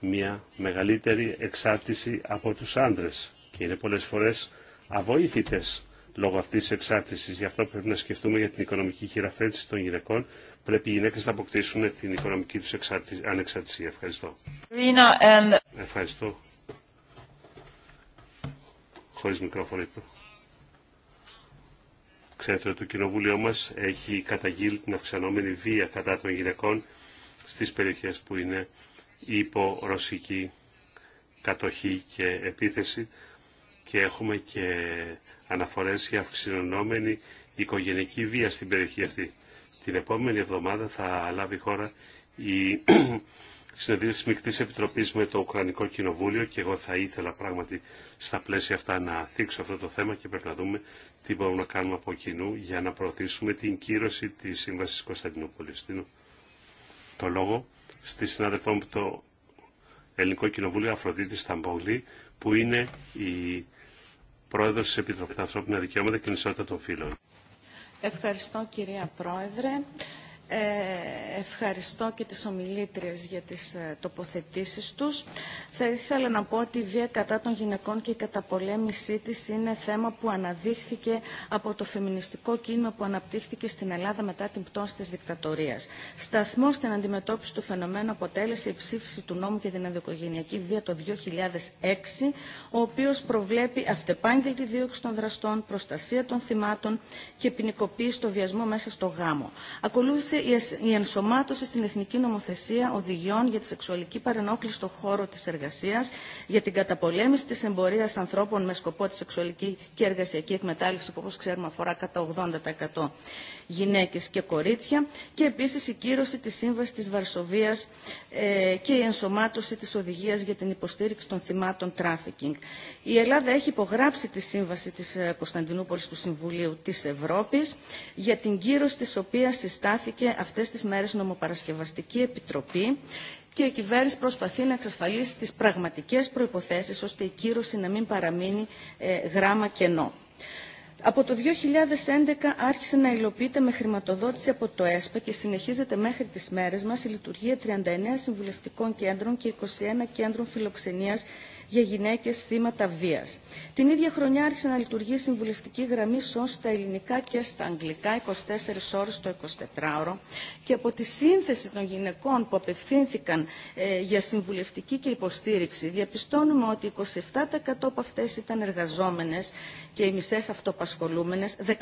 μια μεγαλύτερη εξάρτηση από τους άντρες και είναι πολλές φορές αβοήθητες λόγω αυτής της εξάρτησης. Γι' αυτό πρέπει να σκεφτούμε για την οικονομική χειραφέτηση των γυναικών. Πρέπει οι γυναίκες να αποκτήσουν την οικονομική τους ανεξαρτησία. Ευχαριστώ. Ευχαριστώ. Χωρίς μικρόφωνο. Ξέρετε ότι το κοινοβούλιο μας έχει καταγγείλει την αυξανόμενη βία κατά των γυναικών στις περιοχές που είναι υπό ρωσική κατοχή και επίθεση και έχουμε και αναφορές για αυξανόμενη οικογενική βία στην περιοχή αυτή. Την επόμενη εβδομάδα θα λάβει χώρα η συνεδρίαση Μικτή Επιτροπή με το Ουκρανικό Κοινοβούλιο και εγώ θα ήθελα πράγματι στα πλαίσια αυτά να θίξω αυτό το θέμα και πρέπει να δούμε τι μπορούμε να κάνουμε από κοινού για να προωθήσουμε την κύρωση τη Σύμβαση Κωνσταντινούπολη. Το λόγο στη συνάδελφό μου το Ελληνικό Κοινοβούλιο Αφροδίτη Σταμπόγλη, που είναι η πρόεδρο τη Επιτροπή Ανθρώπινα Δικαιώματα και Ισότητα των Φίλων.
Ευχαριστώ κυρία Πρόεδρε. Ε, ευχαριστώ και τις ομιλήτριες για τις ε, τοποθετήσεις τους. Θα ήθελα να πω ότι η βία κατά των γυναικών και η καταπολέμησή της είναι θέμα που αναδείχθηκε από το φεμινιστικό κίνημα που αναπτύχθηκε στην Ελλάδα μετά την πτώση της δικτατορίας. Σταθμό στην αντιμετώπιση του φαινομένου αποτέλεσε η ψήφιση του νόμου για την ενδοοικογενειακή βία το 2006, ο οποίος προβλέπει αυτεπάγγελτη δίωξη των δραστών, προστασία των θυμάτων και ποινικοποίηση στο βιασμό μέσα στο γάμο. Ακολούθησε η ενσωμάτωση στην Εθνική Νομοθεσία Οδηγιών για τη Σεξουαλική Παρενόχληση στον χώρο της εργασίας, για την καταπολέμηση της εμπορίας ανθρώπων με σκοπό τη σεξουαλική και εργασιακή εκμετάλλευση, που όπω ξέρουμε αφορά κατά 80% γυναίκες και κορίτσια και επίσης η κύρωση της Σύμβασης της Βαρσοβίας ε, και η ενσωμάτωση της Οδηγίας για την υποστήριξη των θυμάτων τράφικινγκ. Η Ελλάδα έχει υπογράψει τη Σύμβαση της ε, Κωνσταντινούπολης του Συμβουλίου της Ευρώπης για την κύρωση της οποίας συστάθηκε αυτές τις μέρες νομοπαρασκευαστική επιτροπή και η κυβέρνηση προσπαθεί να εξασφαλίσει τις πραγματικές προϋποθέσεις ώστε η κύρωση να μην παραμείνει ε, γράμμα κενό. Από το 2011 άρχισε να υλοποιείται με χρηματοδότηση από το ΕΣΠΑ και συνεχίζεται μέχρι τις μέρες μας η λειτουργία 39 συμβουλευτικών κέντρων και 21 κέντρων φιλοξενίας για γυναίκες θύματα βίας. Την ίδια χρονιά άρχισε να λειτουργεί η συμβουλευτική γραμμή ΣΟΝ στα ελληνικά και στα αγγλικά 24 ώρες το 24ωρο και από τη σύνθεση των γυναικών που απευθύνθηκαν ε, για συμβουλευτική και υποστήριξη διαπιστώνουμε ότι 27% από αυτές ήταν εργαζόμενες και οι μισές αυτοπασχολούμενες, 15%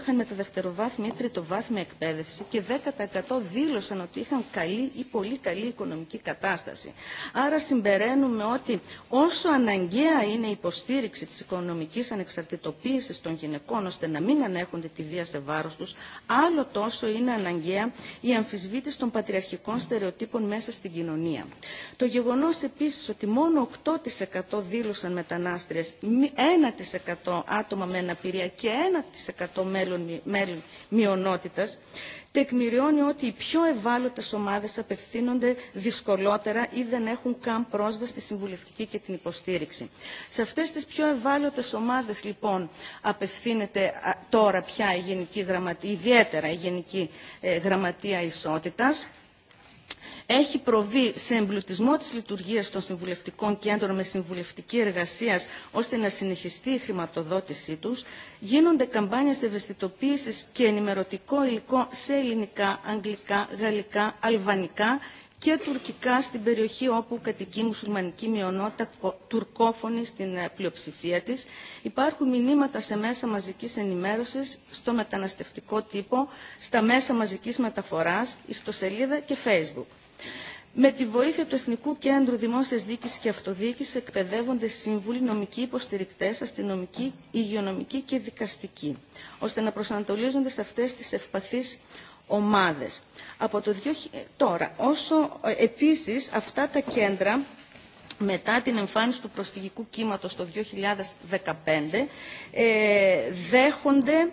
είχαν μεταδευτεροβάθμια ή τριτοβάθμια εκπαίδευση και 10% δήλωσαν ότι είχαν καλή ή πολύ καλή οικονομική κατάσταση. Άρα συμπεραίνουμε ότι όσο αναγκαία είναι η υποστήριξη της οικονομικής ανεξαρτητοποίησης των γυναικών ώστε να μην ανέχονται τη βία σε βάρος τους, άλλο τόσο είναι αναγκαία η αμφισβήτηση των πατριαρχικών στερεοτύπων μέσα στην κοινωνία. Το γεγονός επίσης ότι μόνο 8% δήλωσαν μετανάστριες, 1% άτομα με αναπηρία και 1% μέλη μειονότητας τεκμηριώνει ότι οι πιο ευάλωτες ομάδες απευθύνονται δυσκολότερα ή δεν έχουν καν πρόσβαση στη συμβουλευτική και την υποστήριξη. Σε αυτές τις πιο ευάλωτες ομάδες λοιπόν απευθύνεται τώρα πια η Γενική Γραμματεία, ιδιαίτερα η Γενική ε, Γραμματεία Ισότητας έχει προβεί σε εμπλουτισμό της λειτουργίας των συμβουλευτικών κέντρων με συμβουλευτική εργασία ώστε να συνεχιστεί η χρηματοδότησή τους, γίνονται καμπάνιες ευαισθητοποίησης και ενημερωτικό υλικό σε ελληνικά, αγγλικά, γαλλικά, αλβανικά και τουρκικά στην περιοχή όπου κατοικεί η μουσουλμανική μειονότητα τουρκόφωνη στην ε, πλειοψηφία της. Υπάρχουν μηνύματα σε μέσα μαζικής ενημέρωσης, στο μεταναστευτικό τύπο, στα μέσα μαζικής μεταφοράς, ιστοσελίδα και facebook. Με τη βοήθεια του Εθνικού Κέντρου Δημόσιας Δίκησης και Αυτοδιοίκησης εκπαιδεύονται σύμβουλοι, νομικοί υποστηρικτές, αστυνομικοί, υγειονομικοί και δικαστικοί, ώστε να προσανατολίζονται σε αυτές τις ευπαθείς ομάδες. Από το Τώρα, όσο ε, επίσης αυτά τα κέντρα μετά την εμφάνιση του προσφυγικού κύματος το 2015 ε, δέχονται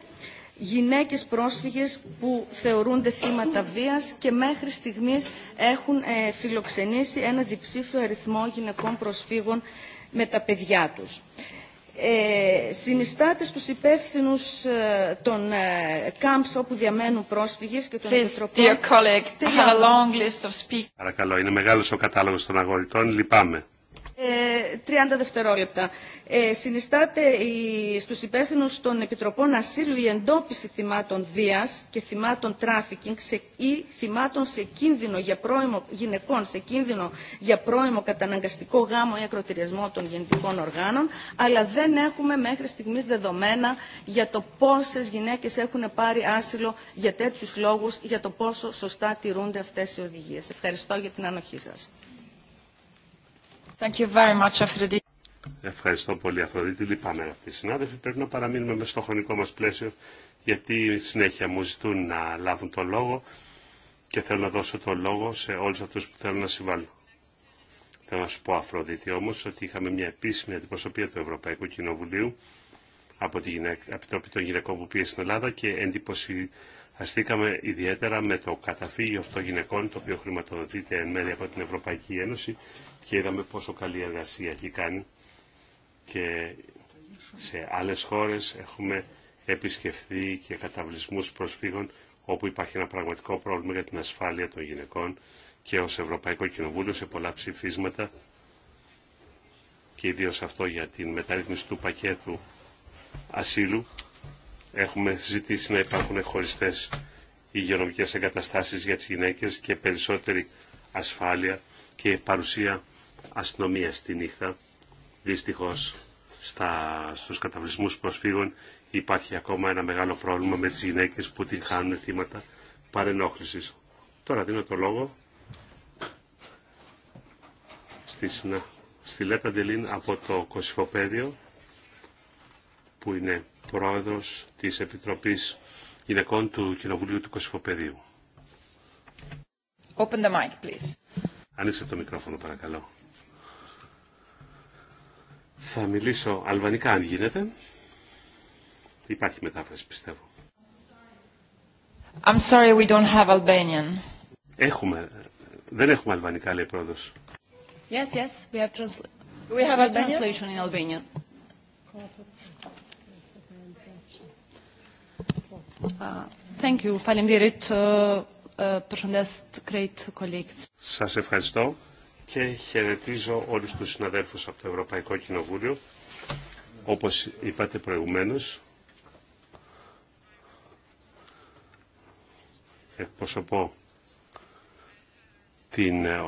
γυναίκες πρόσφυγες που θεωρούνται θύματα βίας και μέχρι στιγμής έχουν ε, φιλοξενήσει ένα διψήφιο αριθμό γυναικών προσφύγων με τα παιδιά τους. Ε, συνιστάται στους υπεύθυνους ε, των ε, camps όπου διαμένουν πρόσφυγες και των επιτροπών...
Παρακαλώ, είναι μεγάλος ο κατάλογος των αγορητών, λυπάμαι.
30 ε, δευτερόλεπτα. Ε, συνιστάται στους υπεύθυνους των Επιτροπών Ασύλου η εντόπιση θυμάτων βίας και θυμάτων τράφικινγκ ή θυμάτων σε κίνδυνο για πρόημο γυναικών σε κίνδυνο για πρόημο καταναγκαστικό γάμο ή ακροτηριασμό των γεννητικών οργάνων, αλλά δεν έχουμε μέχρι στιγμής δεδομένα για το πόσες γυναίκες έχουν πάρει άσυλο για τέτοιους λόγους, για το πόσο σωστά τηρούνται αυτές οι οδηγίες. Ευχαριστώ για την ανοχή σας very much,
Ευχαριστώ πολύ, Αφροδίτη. Λυπάμαι, τη συνάδελφοι. Πρέπει να παραμείνουμε μέσα στο χρονικό μας πλαίσιο, γιατί συνέχεια μου ζητούν να λάβουν το λόγο και θέλω να δώσω το λόγο σε όλους αυτού που θέλουν να συμβάλλουν. Θέλω να σου πω, Αφροδίτη, όμως, ότι είχαμε μια επίσημη αντιπροσωπεία του Ευρωπαϊκού Κοινοβουλίου από την Επιτροπή των Γυναικών που πήγε στην Ελλάδα και εντυπωσιαστήκαμε ιδιαίτερα με το καταφύγιο αυτό γυναικών, το οποίο χρηματοδοτείται εν μέρει από την Ευρωπαϊκή Ένωση και είδαμε πόσο καλή εργασία έχει κάνει και σε άλλες χώρες έχουμε επισκεφθεί και καταβλισμούς προσφύγων όπου υπάρχει ένα πραγματικό πρόβλημα για την ασφάλεια των γυναικών και ως Ευρωπαϊκό Κοινοβούλιο σε πολλά ψηφίσματα και ιδίως αυτό για την μεταρρύθμιση του πακέτου ασύλου έχουμε ζητήσει να υπάρχουν χωριστές υγειονομικές εγκαταστάσεις για τις γυναίκες και περισσότερη ασφάλεια και παρουσία αστυνομία στη νύχτα. δυστυχώ, στα, στους καταβλισμούς προσφύγων υπάρχει ακόμα ένα μεγάλο πρόβλημα με τις γυναίκες που την χάνουν θύματα παρενόχλησης. Τώρα δίνω το λόγο στη, στη Λέτα Ντελίν από το Κωσυφοπαίδιο που είναι πρόεδρος της Επιτροπής Γυναικών του Κοινοβουλίου του Κωσυφοπαιδίου.
Open the mic, please.
Ανοίξτε το μικρόφωνο, παρακαλώ. Θα μιλήσω αλβανικά αν γίνεται. Υπάρχει μετάφραση πιστεύω.
I'm sorry we don't have Albanian.
Έχουμε. Δεν έχουμε αλβανικά λέει πρόεδρος.
Yes, yes, we have, transla we have a translation in Albanian. Uh, thank you. Faleminderit. Uh, uh, Përshëndes të krejt
Σας ευχαριστώ και χαιρετίζω όλους τους συναδέλφους από το Ευρωπαϊκό Κοινοβούλιο. Όπως είπατε προηγουμένως, εκπροσωπώ την, ε,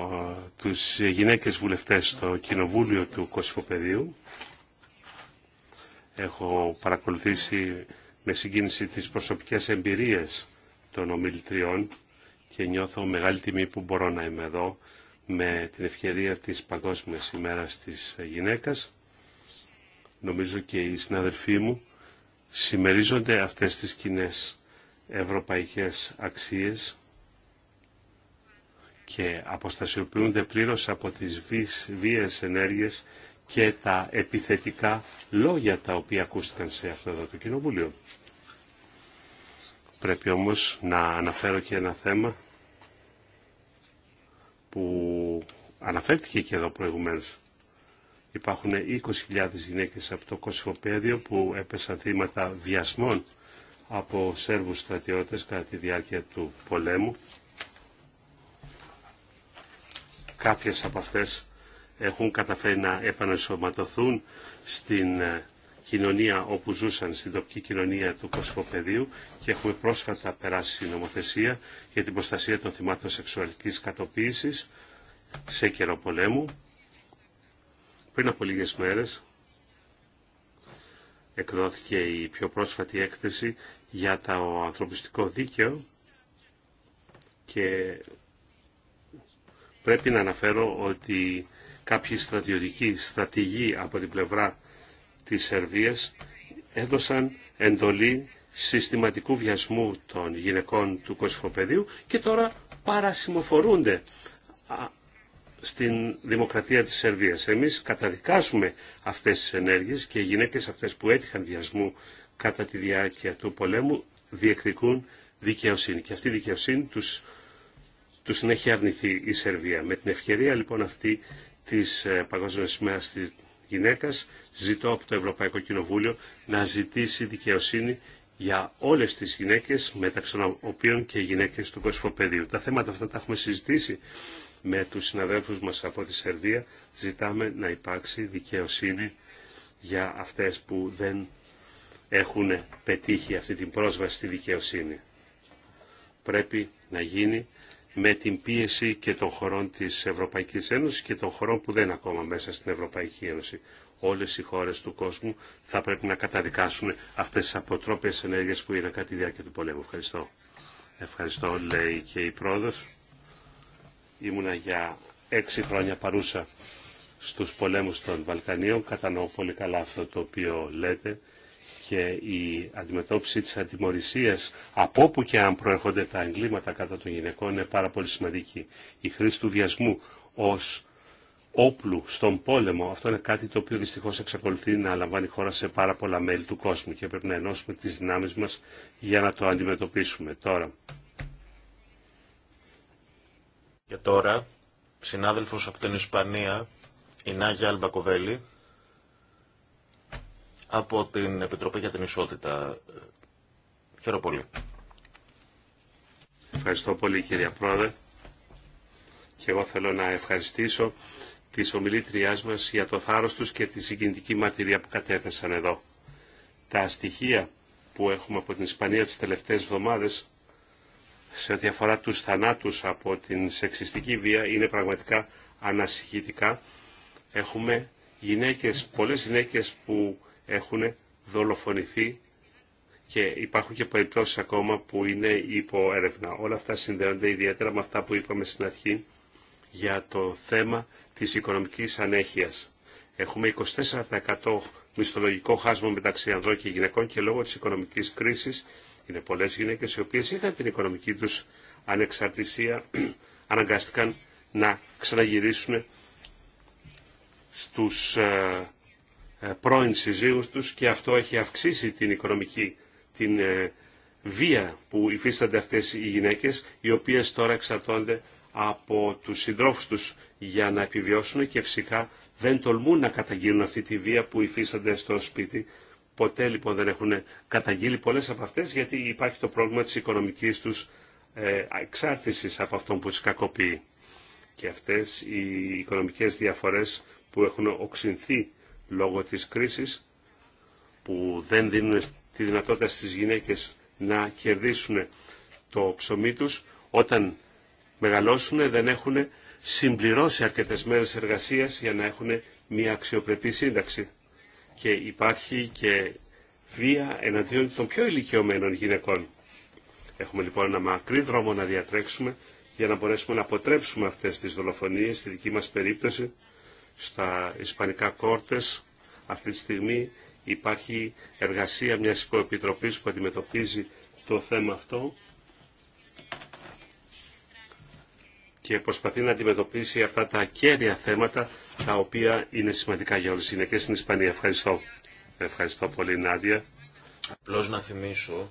τους γυναίκες βουλευτές στο Κοινοβούλιο του Κωσυφοπεδίου. Έχω παρακολουθήσει με συγκίνηση τις προσωπικές εμπειρίες των ομιλητριών και νιώθω μεγάλη τιμή που μπορώ να είμαι εδώ με την ευκαιρία της Παγκόσμιας ημέρας της γυναίκας. Νομίζω και οι συναδελφοί μου συμμερίζονται αυτές τις κοινέ ευρωπαϊκές αξίες και αποστασιοποιούνται πλήρως από τις βίες ενέργειες και τα επιθετικά λόγια τα οποία ακούστηκαν σε αυτό εδώ το Κοινοβούλιο. Πρέπει όμως να αναφέρω και ένα θέμα που αναφέρθηκε και εδώ προηγουμένως. Υπάρχουν 20.000 γυναίκες από το Κωσυφοπέδιο που έπεσαν θύματα βιασμών από Σέρβους στρατιώτες κατά τη διάρκεια του πολέμου. Κάποιες από αυτές έχουν καταφέρει να επανασωματωθούν στην ε, κοινωνία όπου ζούσαν στην τοπική κοινωνία του πεδίου και έχουμε πρόσφατα περάσει νομοθεσία για την προστασία των θυμάτων σεξουαλικής κατοποίησης σε καιρό πολέμου. Πριν από λίγες μέρες εκδόθηκε η πιο πρόσφατη έκθεση για το ανθρωπιστικό δίκαιο και πρέπει να αναφέρω ότι κάποιοι στρατιωτικοί στρατηγοί από την πλευρά της Σερβίας έδωσαν εντολή συστηματικού βιασμού των γυναικών του Κωσυφοπεδίου και τώρα παρασημοφορούνται στην δημοκρατία της Σερβίας. Εμείς καταδικάσουμε αυτές τις ενέργειες και οι γυναίκες αυτές που έτυχαν βιασμού κατά τη διάρκεια του πολέμου διεκδικούν δικαιοσύνη. Και αυτή η δικαιοσύνη τους, τους έχει αρνηθεί η Σερβία. Με την ευκαιρία λοιπόν αυτή της ε, Παγκόσμιας της γυναίκας, ζητώ από το Ευρωπαϊκό Κοινοβούλιο να ζητήσει δικαιοσύνη για όλες τις γυναίκες, μεταξύ των οποίων και οι γυναίκες του κοσφοπεδίου. Τα θέματα αυτά τα έχουμε συζητήσει με τους συναδέλφους μας από τη Σερβία. Ζητάμε να υπάρξει δικαιοσύνη για αυτές που δεν έχουν πετύχει αυτή την πρόσβαση στη δικαιοσύνη. Πρέπει να γίνει με την πίεση και των χωρών της Ευρωπαϊκής Ένωσης και των χωρών που δεν είναι ακόμα μέσα στην Ευρωπαϊκή Ένωση. Όλες οι χώρες του κόσμου θα πρέπει να καταδικάσουν αυτές τις αποτρόπιες ενέργειες που είναι κατά τη διάρκεια του πολέμου. Ευχαριστώ. Ευχαριστώ, λέει και η πρόεδρος. Ήμουνα για έξι χρόνια παρούσα στους πολέμους των Βαλκανίων. Κατανοώ πολύ καλά αυτό το οποίο λέτε και η αντιμετώπιση της αντιμορρησίας από όπου και αν προέρχονται τα εγκλήματα κατά των γυναικών είναι πάρα πολύ σημαντική. Η χρήση του βιασμού ως όπλου στον πόλεμο, αυτό είναι κάτι το οποίο δυστυχώς εξακολουθεί να λαμβάνει η χώρα σε πάρα πολλά μέλη του κόσμου και πρέπει να ενώσουμε τις δυνάμεις μας για να το αντιμετωπίσουμε τώρα. Και τώρα,
συνάδελφος από την Ισπανία, η Νάγια Αλμπακοβέλη από την Επιτροπή για την Ισότητα. Χαίρομαι πολύ.
Ευχαριστώ πολύ κύριε Πρόεδρε και εγώ θέλω να ευχαριστήσω τις ομιλήτριάς μας για το θάρρος τους και τη συγκινητική μαρτυρία που κατέθεσαν εδώ. Τα στοιχεία που έχουμε από την Ισπανία τις τελευταίες εβδομάδες σε ό,τι αφορά τους θανάτους από την σεξιστική βία είναι πραγματικά ανασυχητικά. Έχουμε γυναίκες, πολλές γυναίκες που έχουν δολοφονηθεί και υπάρχουν και περιπτώσεις ακόμα που είναι υπό έρευνα. Όλα αυτά συνδέονται ιδιαίτερα με αυτά που είπαμε στην αρχή για το θέμα της οικονομικής ανέχειας. Έχουμε 24% μισθολογικό χάσμα μεταξύ ανδρών και γυναικών και λόγω της οικονομικής κρίσης είναι πολλές γυναίκες οι οποίες είχαν την οικονομική τους ανεξαρτησία, αναγκάστηκαν να ξαναγυρίσουν στους ε, ε, πρώην συζύγους τους και αυτό έχει αυξήσει την οικονομική, την ε, βία που υφίστανται αυτές οι γυναίκες, οι οποίες τώρα εξαρτώνται από τους συντρόφους τους για να επιβιώσουν και φυσικά δεν τολμούν να καταγγείλουν αυτή τη βία που υφίστανται στο σπίτι. Ποτέ λοιπόν δεν έχουν καταγγείλει πολλές από αυτές γιατί υπάρχει το πρόβλημα της οικονομικής τους ε, εξάρτησης από αυτόν που τους κακοποιεί. Και αυτές οι οικονομικές διαφορές που έχουν οξυνθεί λόγω της κρίσης που δεν δίνουν τη δυνατότητα στις γυναίκες να κερδίσουν το ψωμί τους όταν μεγαλώσουν δεν έχουν συμπληρώσει αρκετές μέρες εργασίας για να έχουν μια αξιοπρεπή σύνταξη. Και υπάρχει και βία εναντίον των πιο ηλικιωμένων γυναικών. Έχουμε λοιπόν ένα μακρύ δρόμο να διατρέξουμε για να μπορέσουμε να αποτρέψουμε αυτές τις δολοφονίες στη δική μας περίπτωση στα ισπανικά κόρτες. Αυτή τη στιγμή υπάρχει εργασία μιας υποεπιτροπής που αντιμετωπίζει το θέμα αυτό και προσπαθεί να αντιμετωπίσει αυτά τα κέρια θέματα τα οποία είναι σημαντικά για όλες Είναι και στην Ισπανία. Ευχαριστώ. Ευχαριστώ πολύ Νάντια.
Απλώς να θυμίσω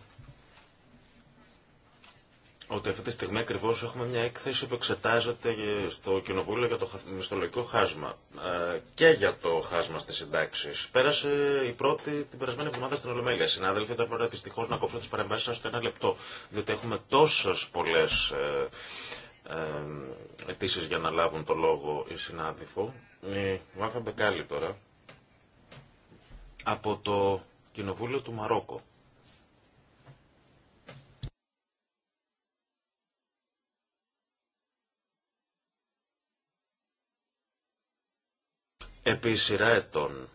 ότι αυτή τη στιγμή ακριβώ έχουμε μια έκθεση που εξετάζεται στο Κοινοβούλιο για το μισθολογικό χάσμα ε, και για το χάσμα στι συντάξει. Πέρασε η πρώτη την περασμένη εβδομάδα στην Ολομέλεια. Συνάδελφοι, θα πρέπει δυστυχώ να κόψω τι παρεμβάσει σα στο ένα λεπτό, διότι έχουμε τόσε πολλέ ε, ε, αιτήσει για να λάβουν το λόγο οι συνάδελφο. Η Μάθα τώρα από το Κοινοβούλιο του Μαρόκο. επί σειρά ετών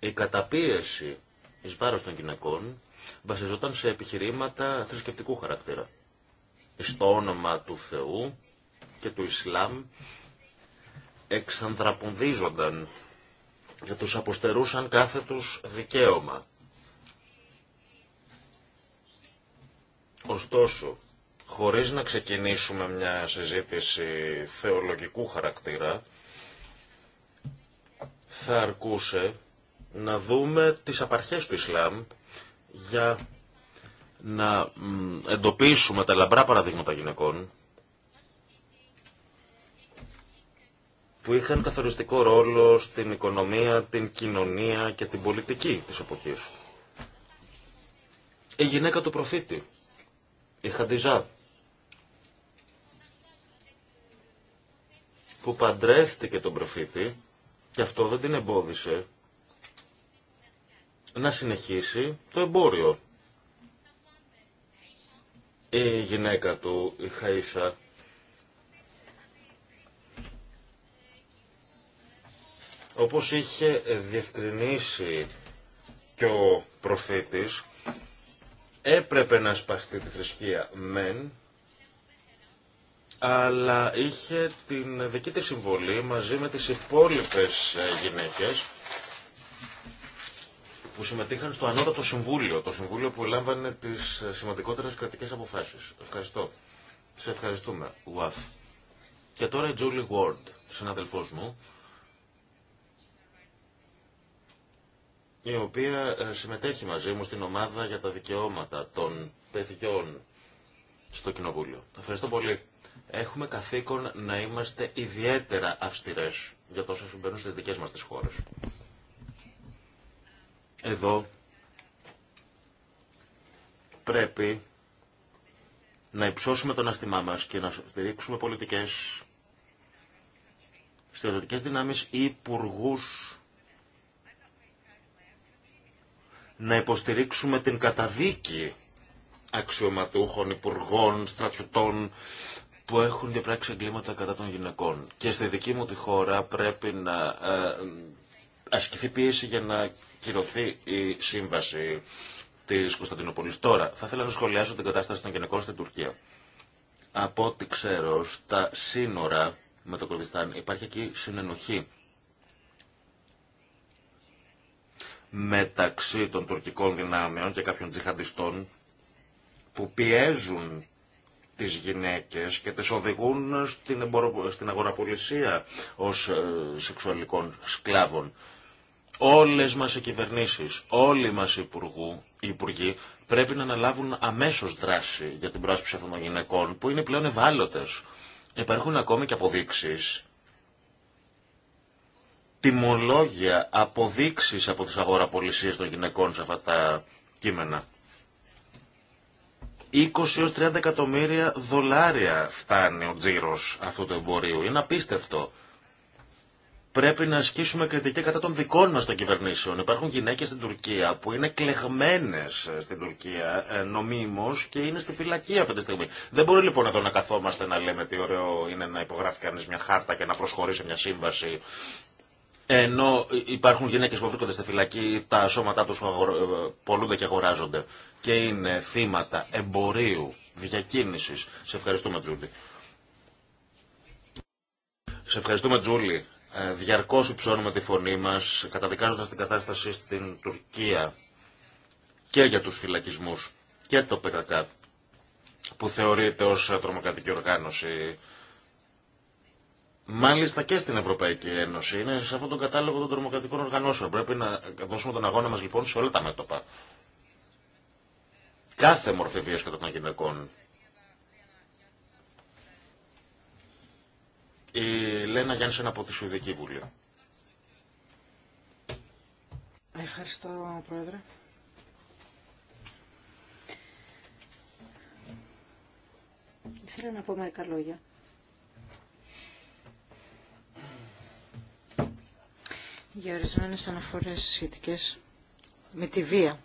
η καταπίεση εις βάρος των γυναικών βασιζόταν σε επιχειρήματα θρησκευτικού χαρακτήρα. Στο όνομα του Θεού και του Ισλάμ εξανδραπονδίζονταν και τους αποστερούσαν κάθε τους δικαίωμα. Ωστόσο, χωρίς να ξεκινήσουμε μια συζήτηση θεολογικού χαρακτήρα, θα αρκούσε να δούμε τις απαρχές του Ισλάμ για να εντοπίσουμε τα λαμπρά παραδείγματα γυναικών που είχαν καθοριστικό ρόλο στην οικονομία, την κοινωνία και την πολιτική της εποχής. Η γυναίκα του προφήτη, η Χαντιζά, που παντρεύτηκε τον προφήτη και αυτό δεν την εμπόδισε να συνεχίσει το εμπόριο. Η γυναίκα του, η Χαΐσα, όπως είχε διευκρινίσει και ο προφήτης, έπρεπε να σπαστεί τη θρησκεία μεν, αλλά είχε την δική της συμβολή μαζί με τις υπόλοιπες ε, γυναίκες που συμμετείχαν στο ανώτατο συμβούλιο, το συμβούλιο που λάμβανε τις ε, σημαντικότερες κρατικές αποφάσεις. Ευχαριστώ. Σε ευχαριστούμε. Ουαφ. Και τώρα η Τζούλι Γουόρντ, συναδελφός μου, η οποία ε, συμμετέχει μαζί μου στην ομάδα για τα δικαιώματα των παιδιών στο Κοινοβούλιο. Ευχαριστώ πολύ. Έχουμε καθήκον να είμαστε ιδιαίτερα αυστηρές για τόσο συμβαίνουν στις δικές μας τις χώρες. Εδώ πρέπει να υψώσουμε τον αστιμά μας και να στηρίξουμε πολιτικές στρατιωτικές δυνάμεις ή υπουργού να υποστηρίξουμε την καταδίκη αξιωματούχων, υπουργών, στρατιωτών που έχουν διαπράξει εγκλήματα κατά των γυναικών. Και στη δική μου τη χώρα πρέπει να ε, ασκηθεί πίεση για να κυρωθεί η σύμβαση της Κωνσταντινούπολη. Τώρα, θα ήθελα να σχολιάσω την κατάσταση των γυναικών στην Τουρκία. Από ό,τι ξέρω, στα σύνορα με το Κορδιστάν υπάρχει εκεί συνενοχή μεταξύ των τουρκικών δυνάμεων και κάποιων τζιχαντιστών που πιέζουν τις γυναίκες και τις οδηγούν στην, στην αγοραπολισία ως ε, σεξουαλικών σκλάβων. Όλες μας οι κυβερνήσεις, όλοι μας οι, υπουργού, οι υπουργοί πρέπει να αναλάβουν αμέσως δράση για την πρόσπιση αυτών των γυναικών που είναι πλέον ευάλωτες. Υπάρχουν ακόμη και αποδείξεις, τιμολόγια, αποδείξεις από τις αγοραπολισίες των γυναικών σε αυτά τα κείμενα. 20 έως 30 εκατομμύρια δολάρια φτάνει ο τζίρος αυτού του εμπορίου. Είναι απίστευτο. Πρέπει να ασκήσουμε κριτική κατά των δικών μας των κυβερνήσεων. Υπάρχουν γυναίκες στην Τουρκία που είναι κλεγμένες στην Τουρκία ε, νομίμως και είναι στη φυλακή αυτή τη στιγμή. Δεν μπορεί λοιπόν εδώ να καθόμαστε να λέμε τι ωραίο είναι να υπογράφει κανεί μια χάρτα και να προσχωρήσει μια σύμβαση ενώ υπάρχουν γυναίκες που βρίσκονται στη φυλακή, τα σώματά τους ε, πολλούνται και αγοράζονται και είναι θύματα εμπορίου, διακίνησης. Σε ευχαριστούμε Τζούλη. Σε ευχαριστούμε Τζούλη. Ε, διαρκώς υψώνουμε τη φωνή μας, καταδικάζοντας την κατάσταση στην Τουρκία και για τους φυλακισμούς και το ΠΚΚ που θεωρείται ως τρομοκρατική οργάνωση Μάλιστα και στην Ευρωπαϊκή Ένωση. Είναι σε αυτόν τον κατάλογο των τρομοκρατικών οργανώσεων. Πρέπει να δώσουμε τον αγώνα μας λοιπόν σε όλα τα μέτωπα κάθε μορφή βίας κατά των γυναικών. Η Λένα Γιάννησεν από τη Σουηδική Βουλή.
Ευχαριστώ, Πρόεδρε. Θέλω να πω μερικά λόγια. Για ορισμένες αναφορές σχετικές με τη βία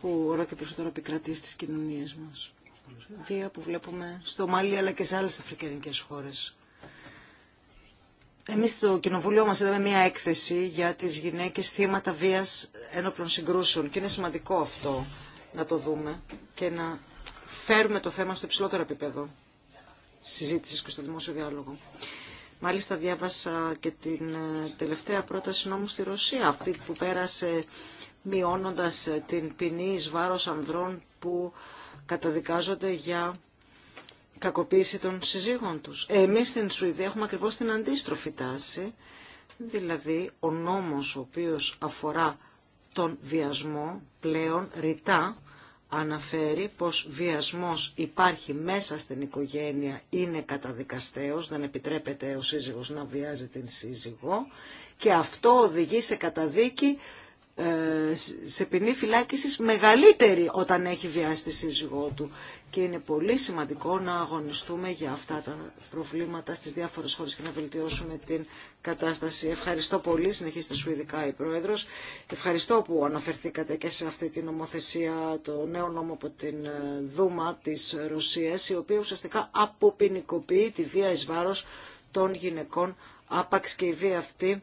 που όλο και περισσότερο επικρατεί στις κοινωνίες μας. Βία που βλέπουμε στο Μάλι αλλά και σε άλλες αφρικανικές χώρες. Εμείς στο κοινοβούλιο μας είδαμε μια έκθεση για τις γυναίκες θύματα βίας ένοπλων συγκρούσεων και είναι σημαντικό αυτό να το δούμε και να φέρουμε το θέμα στο υψηλότερο επίπεδο συζήτησης και στο δημόσιο διάλογο. Μάλιστα διάβασα και την ε, τελευταία πρόταση νόμου στη Ρωσία, αυτή που πέρασε μειώνοντας την ποινή εις βάρος ανδρών που καταδικάζονται για κακοποίηση των συζύγων τους. Εμείς στην Σουηδία έχουμε ακριβώς την αντίστροφη τάση, δηλαδή ο νόμος ο οποίος αφορά τον βιασμό πλέον ρητά αναφέρει πως βιασμός υπάρχει μέσα στην οικογένεια, είναι καταδικαστέος, δεν επιτρέπεται ο σύζυγος να βιάζει την σύζυγο και αυτό οδηγεί σε καταδίκη ε, σε ποινή φυλάκιση μεγαλύτερη όταν έχει βιάσει τη σύζυγό του. Και είναι πολύ σημαντικό να αγωνιστούμε για αυτά τα προβλήματα στις διάφορες χώρες και να βελτιώσουμε την κατάσταση. Ευχαριστώ πολύ, συνεχίστε σου ειδικά η Πρόεδρος. Ευχαριστώ που αναφερθήκατε και σε αυτή την νομοθεσία, το νέο νόμο από την ε, Δούμα της Ρωσίας, η οποία ουσιαστικά αποποινικοποιεί τη βία εις βάρος των γυναικών. Άπαξ και η βία αυτή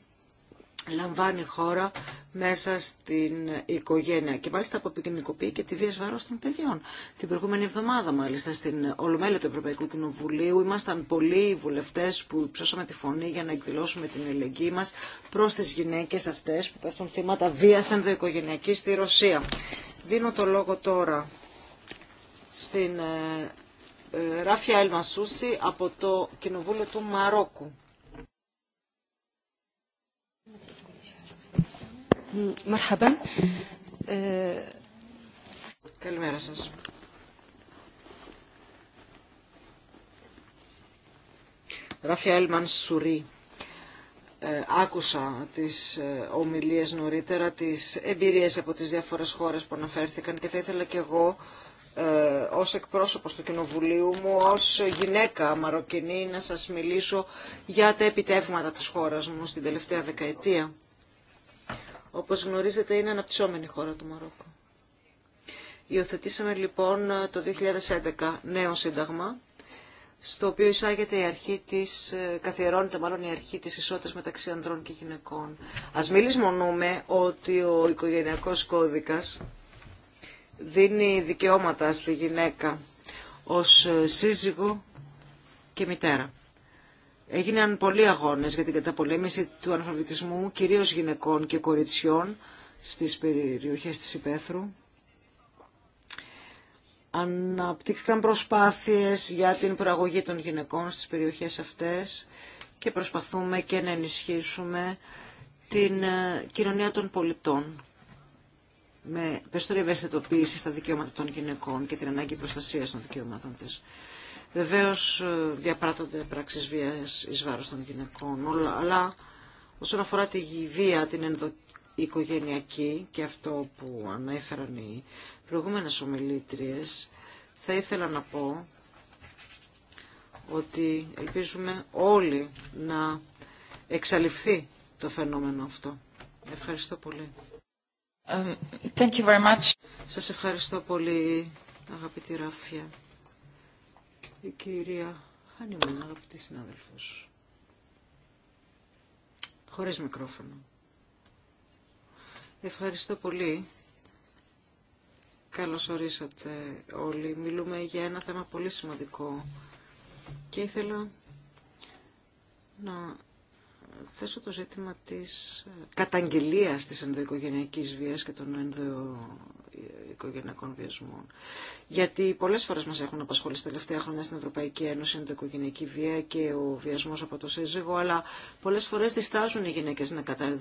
λαμβάνει χώρα μέσα στην οικογένεια. Και μάλιστα ποινικοποιεί και τη βία βάρο των παιδιών. Την προηγούμενη εβδομάδα, μάλιστα, στην Ολομέλεια του Ευρωπαϊκού Κοινοβουλίου, ήμασταν πολλοί βουλευτέ που ψώσαμε τη φωνή για να εκδηλώσουμε την ελεγγύη μα προ τι γυναίκε αυτέ που πέφτουν θύματα βία ενδοοικογενειακή στη Ρωσία. Δίνω το λόγο τώρα στην ε, ε, Ράφια Ελμασούση από το Κοινοβούλιο του Μαρόκου. Ε, Καλημέρα σας. Ραφιαέλ Μανσουρί. Ε, άκουσα τις ε, ομιλίες νωρίτερα, τις εμπειρίες από τις διάφορες χώρες που αναφέρθηκαν και θα ήθελα και εγώ ε, ως εκπρόσωπος του Κοινοβουλίου μου, ως γυναίκα μαροκινή να σας μιλήσω για τα επιτεύγματα της χώρας μου στην τελευταία δεκαετία. Όπως γνωρίζετε είναι αναπτυσσόμενη χώρα του Μαρόκο. Υιοθετήσαμε λοιπόν το 2011 νέο σύνταγμα, στο οποίο εισάγεται η αρχή της, ε, καθιερώνεται μάλλον η αρχή της ισότητας μεταξύ ανδρών και γυναικών. Ας μιλήσουμε λησμονούμε ότι ο οικογενειακός κώδικας δίνει δικαιώματα στη γυναίκα ως ε, σύζυγο και μητέρα. Έγιναν πολλοί αγώνες για την καταπολέμηση του αναλφαβητισμού, κυρίως γυναικών και κοριτσιών στις περιοχές της Υπέθρου. Αναπτύχθηκαν προσπάθειες για την προαγωγή των γυναικών στις περιοχές αυτές και προσπαθούμε και να ενισχύσουμε την ε, κοινωνία των πολιτών με περισσότερη ευαισθητοποίηση στα δικαιώματα των γυναικών και την ανάγκη προστασίας των δικαιωμάτων της. Βεβαίω ε, διαπράττονται πράξεις βία ει βάρο των γυναικών, αλλά όσον αφορά τη βία, την ενδοοικογενειακή και αυτό που ανέφεραν οι προηγούμενε ομιλήτριε θα ήθελα να πω ότι ελπίζουμε όλοι να εξαλειφθεί το φαινόμενο αυτό. Ευχαριστώ πολύ. Um, thank you very much. Σας ευχαριστώ πολύ, αγαπητή Ράφια. Η κυρία Χάνιμαν, αγαπητή συνάδελφος. Χωρίς μικρόφωνο. Ευχαριστώ πολύ. Καλώς ορίσατε όλοι. Μιλούμε για ένα θέμα πολύ σημαντικό και ήθελα να θέσω το ζήτημα της καταγγελίας της ενδοοικογενειακής βίας και των ενδο οικογενειακών βιασμών. Γιατί πολλές φορές μας έχουν απασχολήσει τελευταία χρόνια στην Ευρωπαϊκή Ένωση είναι το οικογενειακή βία και ο βιασμός από το σύζυγο, αλλά πολλές φορές διστάζουν οι γυναίκες να, κατα...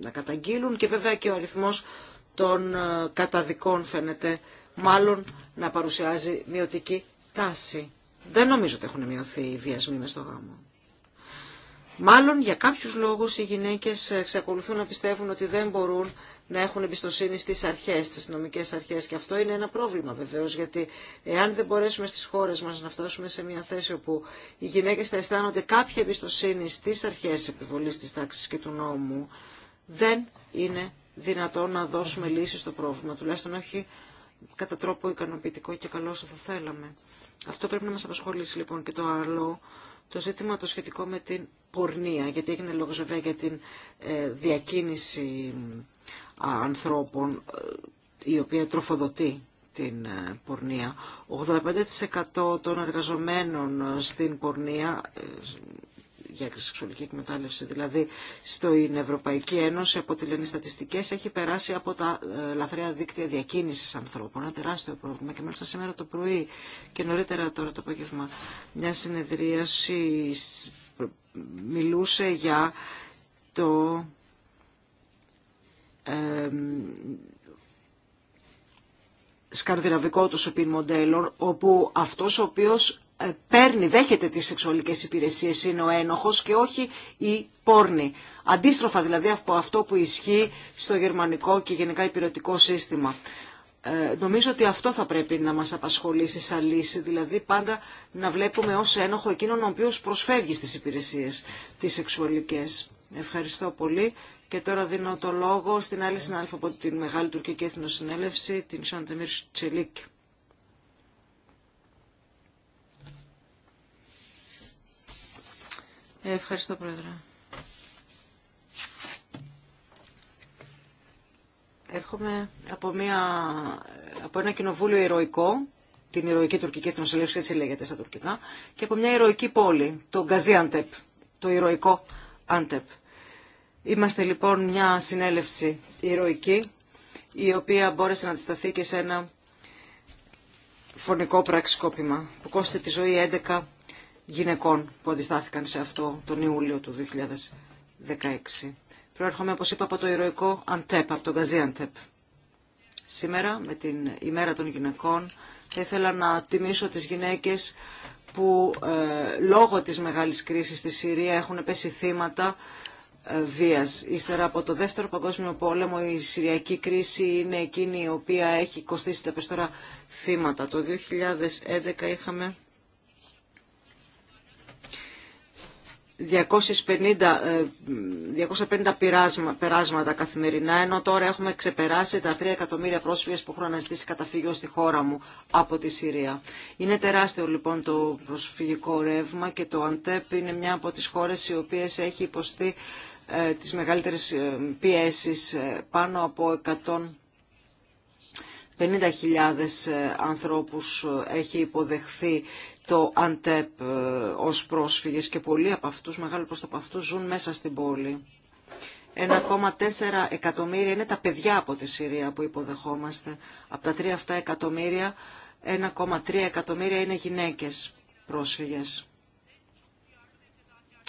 να καταγγείλουν και βέβαια και ο αριθμός των ε, καταδικών φαίνεται μάλλον να παρουσιάζει μειωτική τάση. Δεν νομίζω ότι έχουν μειωθεί οι βιασμοί μες στο γάμο. Μάλλον για κάποιους λόγους οι γυναίκες εξακολουθούν να πιστεύουν ότι δεν μπορούν να έχουν εμπιστοσύνη στις αρχές, στις νομικές αρχές και αυτό είναι ένα πρόβλημα βεβαίως γιατί εάν δεν μπορέσουμε στις χώρες μας να φτάσουμε σε μια θέση όπου οι γυναίκες θα αισθάνονται κάποια εμπιστοσύνη στις αρχές επιβολής της τάξης και του νόμου δεν είναι δυνατό να δώσουμε λύση στο πρόβλημα, τουλάχιστον όχι κατά τρόπο ικανοποιητικό και καλό όσο θα θέλαμε. Αυτό πρέπει να μας απασχολήσει λοιπόν και το άλλο, το ζήτημα το σχετικό με την πορνεία, γιατί έγινε λόγος βέβαια για την ε, διακίνηση ανθρώπων ε, η οποία τροφοδοτεί την ε, πορνεία. 85% των εργαζομένων στην πορνεία για σεξουαλική εκμετάλλευση, δηλαδή στην Ευρωπαϊκή Ένωση, από τη Στατιστικές έχει περάσει από τα λαθρέα δίκτυα διακίνηση ανθρώπων. Ένα τεράστιο πρόβλημα. Και μάλιστα σήμερα το πρωί και νωρίτερα τώρα το απόγευμα, μια συνεδρίαση μιλούσε για το σκανδιναβικό του σοπίν μοντέλο, όπου αυτός ο οποίος ε, παίρνει, δέχεται τις σεξουαλικές υπηρεσίες είναι ο ένοχος και όχι η πόρνη. Αντίστροφα δηλαδή από αυτό που ισχύει στο γερμανικό και γενικά υπηρετικό σύστημα. Ε, νομίζω ότι αυτό θα πρέπει να μας απασχολήσει σαν λύση, δηλαδή πάντα να βλέπουμε ως ένοχο εκείνον ο οποίος προσφεύγει στις υπηρεσίες τις σεξουαλικές. Ευχαριστώ πολύ και τώρα δίνω το λόγο στην άλλη συνάδελφα από την Μεγάλη Τουρκική Εθνοσυνέλευση, την Σαντεμίρ Τσελίκ. Ευχαριστώ Πρόεδρε. Έρχομαι από, μια, από ένα κοινοβούλιο ηρωικό, την ηρωική τουρκική εθνοσυλλήψη, έτσι λέγεται στα τουρκικά, και από μια ηρωική πόλη, το Αντεπ, το ηρωικό Άντεπ. Είμαστε λοιπόν μια συνέλευση ηρωική, η οποία μπόρεσε να αντισταθεί και σε ένα φωνικό πραξικόπημα που κόστησε τη ζωή 11 γυναικών που αντιστάθηκαν σε αυτό τον Ιούλιο του 2016. Προέρχομαι, όπως είπα, από το ηρωικό Αντέπ, από τον Καζή Αντέπ. Σήμερα, με την ημέρα των γυναικών, θα ήθελα να τιμήσω τις γυναίκες που ε, λόγω της μεγάλης κρίσης στη Συρία έχουν πέσει θύματα ε, βίας. Ύστερα από το Δεύτερο Παγκόσμιο Πόλεμο η Συριακή κρίση είναι εκείνη η οποία έχει κοστίσει τα περισσότερα θύματα. Το 2011 είχαμε 250, ε, περάσματα καθημερινά, ενώ τώρα έχουμε ξεπεράσει τα 3 εκατομμύρια πρόσφυγες που έχουν αναζητήσει καταφύγιο στη χώρα μου από τη Συρία. Είναι τεράστιο λοιπόν το προσφυγικό ρεύμα και το ΑΝΤΕΠ είναι μια από τις χώρες οι οποίες έχει υποστεί ε, τις μεγαλύτερες ε, πιέσεις ε, πάνω από 150.000 50.000 ανθρώπους έχει υποδεχθεί το Αντέπ ε, ως πρόσφυγες και πολλοί από αυτούς, μεγάλο από αυτούς, ζουν μέσα στην πόλη. 1,4 εκατομμύρια είναι τα παιδιά από τη Συρία που υποδεχόμαστε. Από τα 3 αυτά εκατομμύρια, 1,3 εκατομμύρια είναι γυναίκες πρόσφυγες.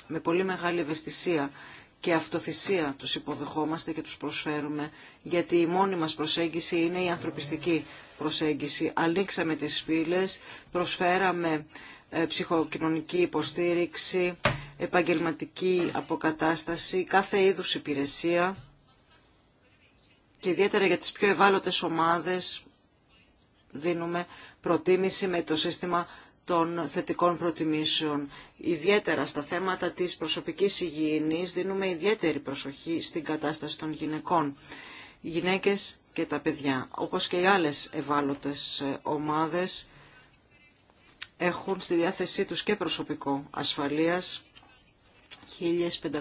Με πολύ μεγάλη ευαισθησία και αυτοθυσία τους υποδεχόμαστε και τους προσφέρουμε, γιατί η μόνη μας προσέγγιση είναι η ανθρωπιστική προσέγγιση. Ανοίξαμε τις φύλες, προσφέραμε ε, ψυχοκοινωνική υποστήριξη, επαγγελματική αποκατάσταση, κάθε είδους υπηρεσία και ιδιαίτερα για τις πιο ευάλωτες ομάδες δίνουμε προτίμηση με το σύστημα των θετικών προτιμήσεων. Ιδιαίτερα στα θέματα της προσωπικής υγιεινής δίνουμε ιδιαίτερη προσοχή στην κατάσταση των γυναικών οι γυναίκες και τα παιδιά. Όπως και οι άλλες ευάλωτες ε, ομάδες έχουν στη διάθεσή τους και προσωπικό ασφαλείας, 1500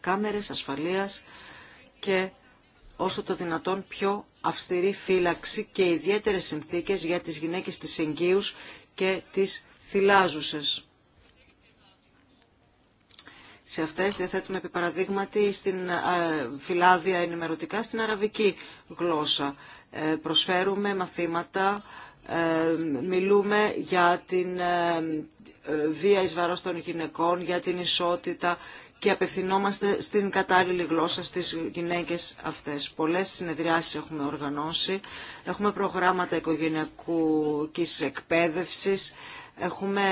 κάμερες ασφαλείας και όσο το δυνατόν πιο αυστηρή φύλαξη και ιδιαίτερες συνθήκες για τις γυναίκες της εγγύους και τις θυλάζουσες. Σε αυτές διαθέτουμε επί παραδείγματι στην ε, φυλάδια ενημερωτικά στην αραβική γλώσσα. Ε, προσφέρουμε μαθήματα, ε, μιλούμε για την βία εις βαρός των γυναικών, για την ισότητα και απευθυνόμαστε στην κατάλληλη γλώσσα στις γυναίκες αυτές. Πολλές συνεδριάσεις έχουμε οργανώσει, έχουμε προγράμματα οικογενειακού εκπαίδευσης, έχουμε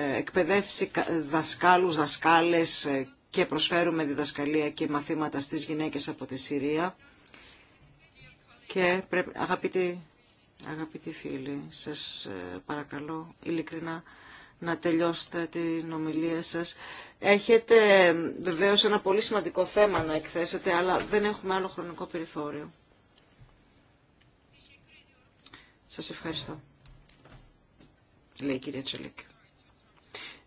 εκπαιδεύσει δασκάλους, δασκάλες ε, και προσφέρουμε διδασκαλία και μαθήματα στις γυναίκες από τη Συρία. Και πρέπει, αγαπητοί, φίλοι, σας ε, παρακαλώ ειλικρινά να τελειώσετε την ομιλία σας. Έχετε βεβαίως ένα πολύ σημαντικό θέμα να εκθέσετε, αλλά δεν έχουμε άλλο χρονικό περιθώριο. Σας ευχαριστώ. Λέει η κυρία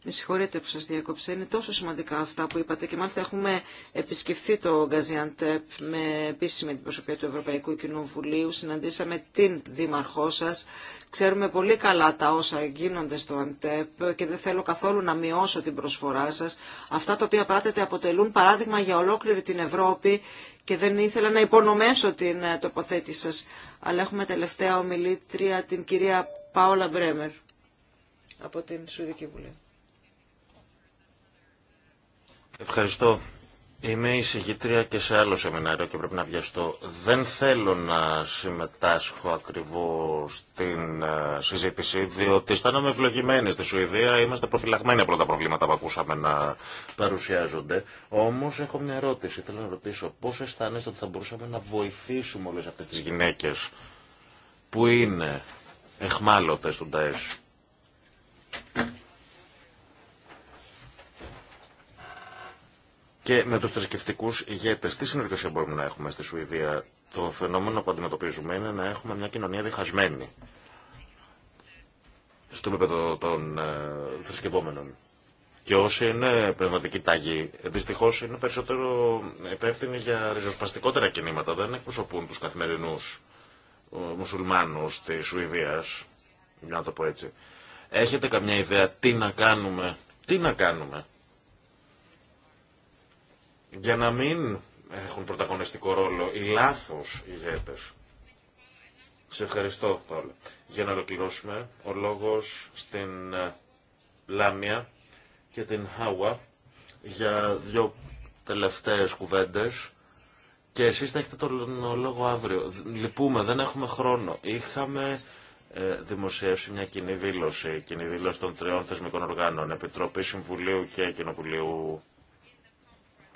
με συγχωρείτε που σας διακόψα, είναι τόσο σημαντικά αυτά που είπατε και μάλιστα έχουμε επισκεφθεί το Γκαζιαντέπ με επίσημη την προσωπία του Ευρωπαϊκού Κοινοβουλίου, συναντήσαμε την δήμαρχό σας. Ξέρουμε πολύ καλά τα όσα γίνονται στο ΑΝΤΕΠ και δεν θέλω καθόλου να μειώσω την προσφορά σας. Αυτά τα οποία πράτετε αποτελούν παράδειγμα για ολόκληρη την Ευρώπη και δεν ήθελα να υπονομέσω την ε, τοποθέτηση σας. Αλλά έχουμε τελευταία ομιλήτρια την κυρία Πάολα Μπρέμερ από την Σουηδική Βουλή.
Ευχαριστώ. Είμαι η εισηγήτρια και σε άλλο σεμινάριο και πρέπει να βιαστώ. Δεν θέλω να συμμετάσχω ακριβώς στην ε, συζήτηση, διότι αισθάνομαι ευλογημένη στη Σουηδία. Είμαστε προφυλαγμένοι από όλα τα προβλήματα που ακούσαμε να παρουσιάζονται. Όμως έχω μια ερώτηση. Θέλω να ρωτήσω πώς αισθάνεστε ότι θα μπορούσαμε να βοηθήσουμε όλες αυτές τις γυναίκες που είναι εχμάλωτες του ΝΤΑΕΣ. και με τους θρησκευτικού ηγέτες. Τι συνεργασία μπορούμε να έχουμε στη Σουηδία. Το φαινόμενο που αντιμετωπίζουμε είναι να έχουμε μια κοινωνία διχασμένη στο επίπεδο των ε, θρησκευόμενων. Και όσοι είναι πνευματικοί τάγοι, δυστυχώ είναι περισσότερο υπεύθυνοι για ριζοσπαστικότερα κινήματα. Δεν εκπροσωπούν του καθημερινού μουσουλμάνου τη Σουηδία, για να το πω έτσι. Έχετε καμιά ιδέα τι να κάνουμε, τι να κάνουμε για να μην έχουν πρωταγωνιστικό ρόλο οι λάθος ηγέτες. Σε ευχαριστώ, Παόλα. Για να ολοκληρώσουμε, ο λόγος στην ε, Λάμια και την Χάουα για δύο τελευταίες κουβέντες. Και εσείς θα έχετε τον λόγο αύριο. Λυπούμε, δεν έχουμε χρόνο. Είχαμε ε, δημοσιεύσει μια κοινή δήλωση, κοινή δήλωση των τριών θεσμικών οργάνων, Επιτροπή Συμβουλίου και Κοινοβουλίου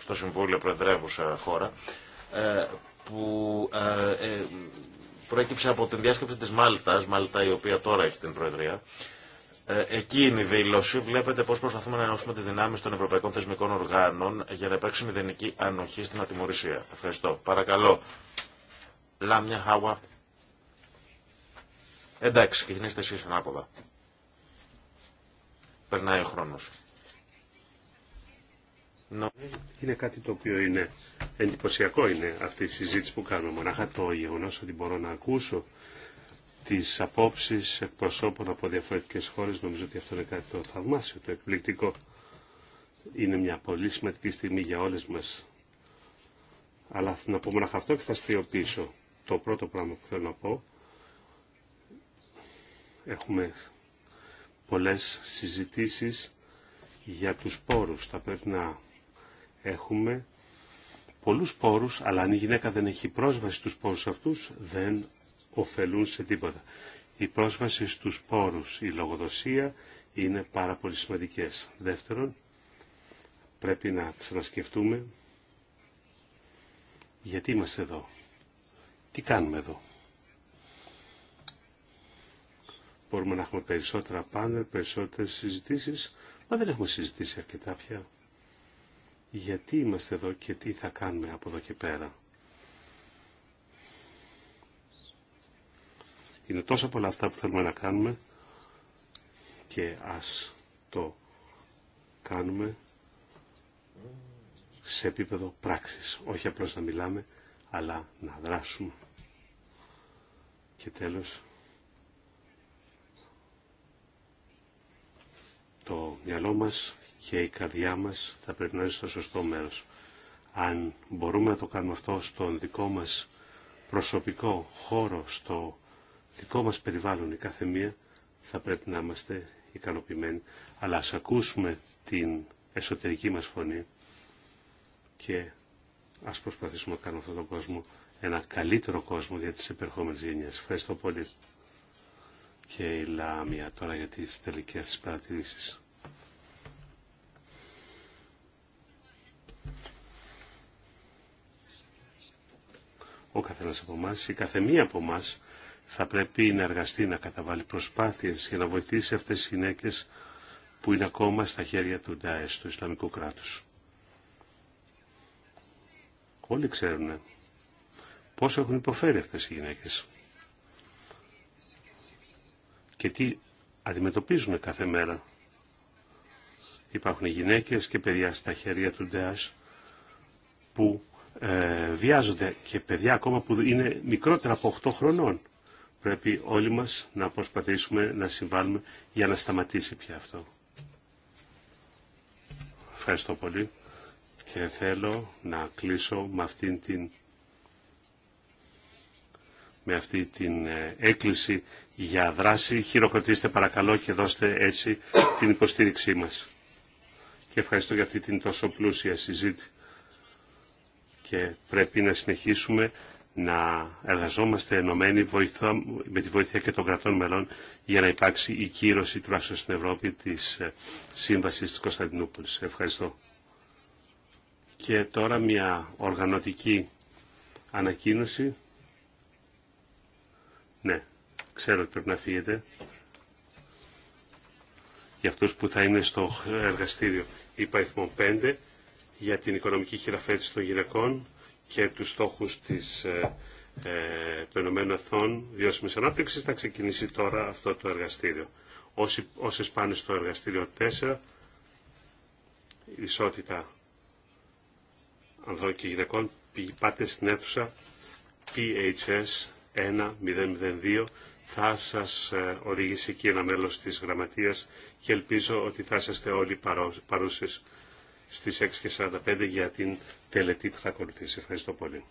στο Συμβούλιο Προεδρεύουσα χώρα, ε, που ε, ε, προέκυψε από την διάσκεψη της Μάλτας, Μάλτα η οποία τώρα έχει την Προεδρία, Εκεί είναι η δήλωση. Βλέπετε πώ προσπαθούμε να ενώσουμε τι δυνάμει των ευρωπαϊκών θεσμικών οργάνων για να υπάρξει μηδενική ανοχή στην ατιμορρησία. Ευχαριστώ. Παρακαλώ. Λάμια, χάουα. Εντάξει, κινήστε εσεί
ανάποδα. Περνάει ο χρόνο. Είναι κάτι το οποίο είναι εντυπωσιακό είναι αυτή η συζήτηση που κάνουμε. Μονάχα το γεγονό ότι μπορώ να ακούσω τι απόψει εκπροσώπων από διαφορετικέ χώρε νομίζω ότι αυτό είναι κάτι το θαυμάσιο, το εκπληκτικό. Είναι μια πολύ σημαντική στιγμή για όλε μα. Αλλά να πω μονάχα αυτό και θα στριοποιήσω. Το πρώτο πράγμα που θέλω να πω. Έχουμε πολλές συζητήσεις για τους πόρους. Θα πρέπει να Έχουμε πολλούς πόρους, αλλά αν η γυναίκα δεν έχει πρόσβαση στους πόρους αυτούς, δεν ωφελούν σε τίποτα. Η πρόσβαση στους πόρους, η λογοδοσία είναι πάρα πολύ σημαντικές. Δεύτερον, πρέπει να ξανασκεφτούμε γιατί είμαστε εδώ. Τι κάνουμε εδώ. Μπορούμε να έχουμε περισσότερα πάνελ, περισσότερες συζητήσεις, μα δεν έχουμε συζητήσει αρκετά πια γιατί είμαστε εδώ και τι θα κάνουμε από εδώ και πέρα. Είναι τόσο πολλά αυτά που θέλουμε να κάνουμε και ας το κάνουμε σε επίπεδο πράξης. Όχι απλώς να μιλάμε, αλλά να δράσουμε. Και τέλος, το μυαλό μας και η καρδιά μας θα πρέπει να είναι στο σωστό μέρος. Αν μπορούμε να το κάνουμε αυτό στον δικό μας προσωπικό χώρο, στο δικό μας περιβάλλον η κάθε θα πρέπει να είμαστε ικανοποιημένοι. Αλλά ας ακούσουμε την εσωτερική μας φωνή και ας προσπαθήσουμε να κάνουμε αυτόν τον κόσμο ένα καλύτερο κόσμο για τις επερχόμενες γενιές. Ευχαριστώ πολύ. Και η Λάμια τώρα για τις τελικές παρατηρήσεις. ο καθένας από εμά, η καθεμία από εμά θα πρέπει να εργαστεί, να καταβάλει προσπάθειες για να βοηθήσει αυτές τις γυναίκες που είναι ακόμα στα χέρια του Ντάες, του Ισλαμικού κράτους. Όλοι ξέρουν ε, πόσο έχουν υποφέρει αυτές οι γυναίκες και τι αντιμετωπίζουν κάθε μέρα. Υπάρχουν γυναίκες και παιδιά στα χέρια του Ντάες που ε, βιάζονται και παιδιά ακόμα που είναι μικρότερα από 8 χρονών. Πρέπει όλοι μας να προσπαθήσουμε να συμβάλλουμε για να σταματήσει πια αυτό. Ευχαριστώ πολύ και θέλω να κλείσω με αυτήν την με αυτή την ε, έκκληση για δράση. Χειροκροτήστε παρακαλώ και δώστε έτσι την υποστήριξή μας. Και ευχαριστώ για αυτή την τόσο πλούσια συζήτηση και πρέπει να συνεχίσουμε να εργαζόμαστε ενωμένοι βοηθώ, με τη βοήθεια και των κρατών μελών για να υπάρξει η κύρωση τουλάχιστον στην Ευρώπη της ε, Σύμβασης της Κωνσταντινούπολης. Ευχαριστώ. Και τώρα μια οργανωτική ανακοίνωση. Ναι, ξέρω ότι πρέπει να φύγετε. Για αυτούς που θα είναι στο εργαστήριο υπαριθμό 5 για την οικονομική χειραφέτηση των γυναικών και τους στόχους της ε, ε των Εθνών Βιώσιμης Ανάπτυξης θα ξεκινήσει τώρα αυτό το εργαστήριο. Όσοι, όσες πάνε στο εργαστήριο 4, ισότητα ανδρών και γυναικών, πάτε στην αίθουσα PHS 1002 θα σας ε, οδηγήσει εκεί ένα μέλος της γραμματείας και ελπίζω ότι θα είστε όλοι παρούσες στις 6.45 για την τελετή που θα ακολουθήσει. Ευχαριστώ πολύ.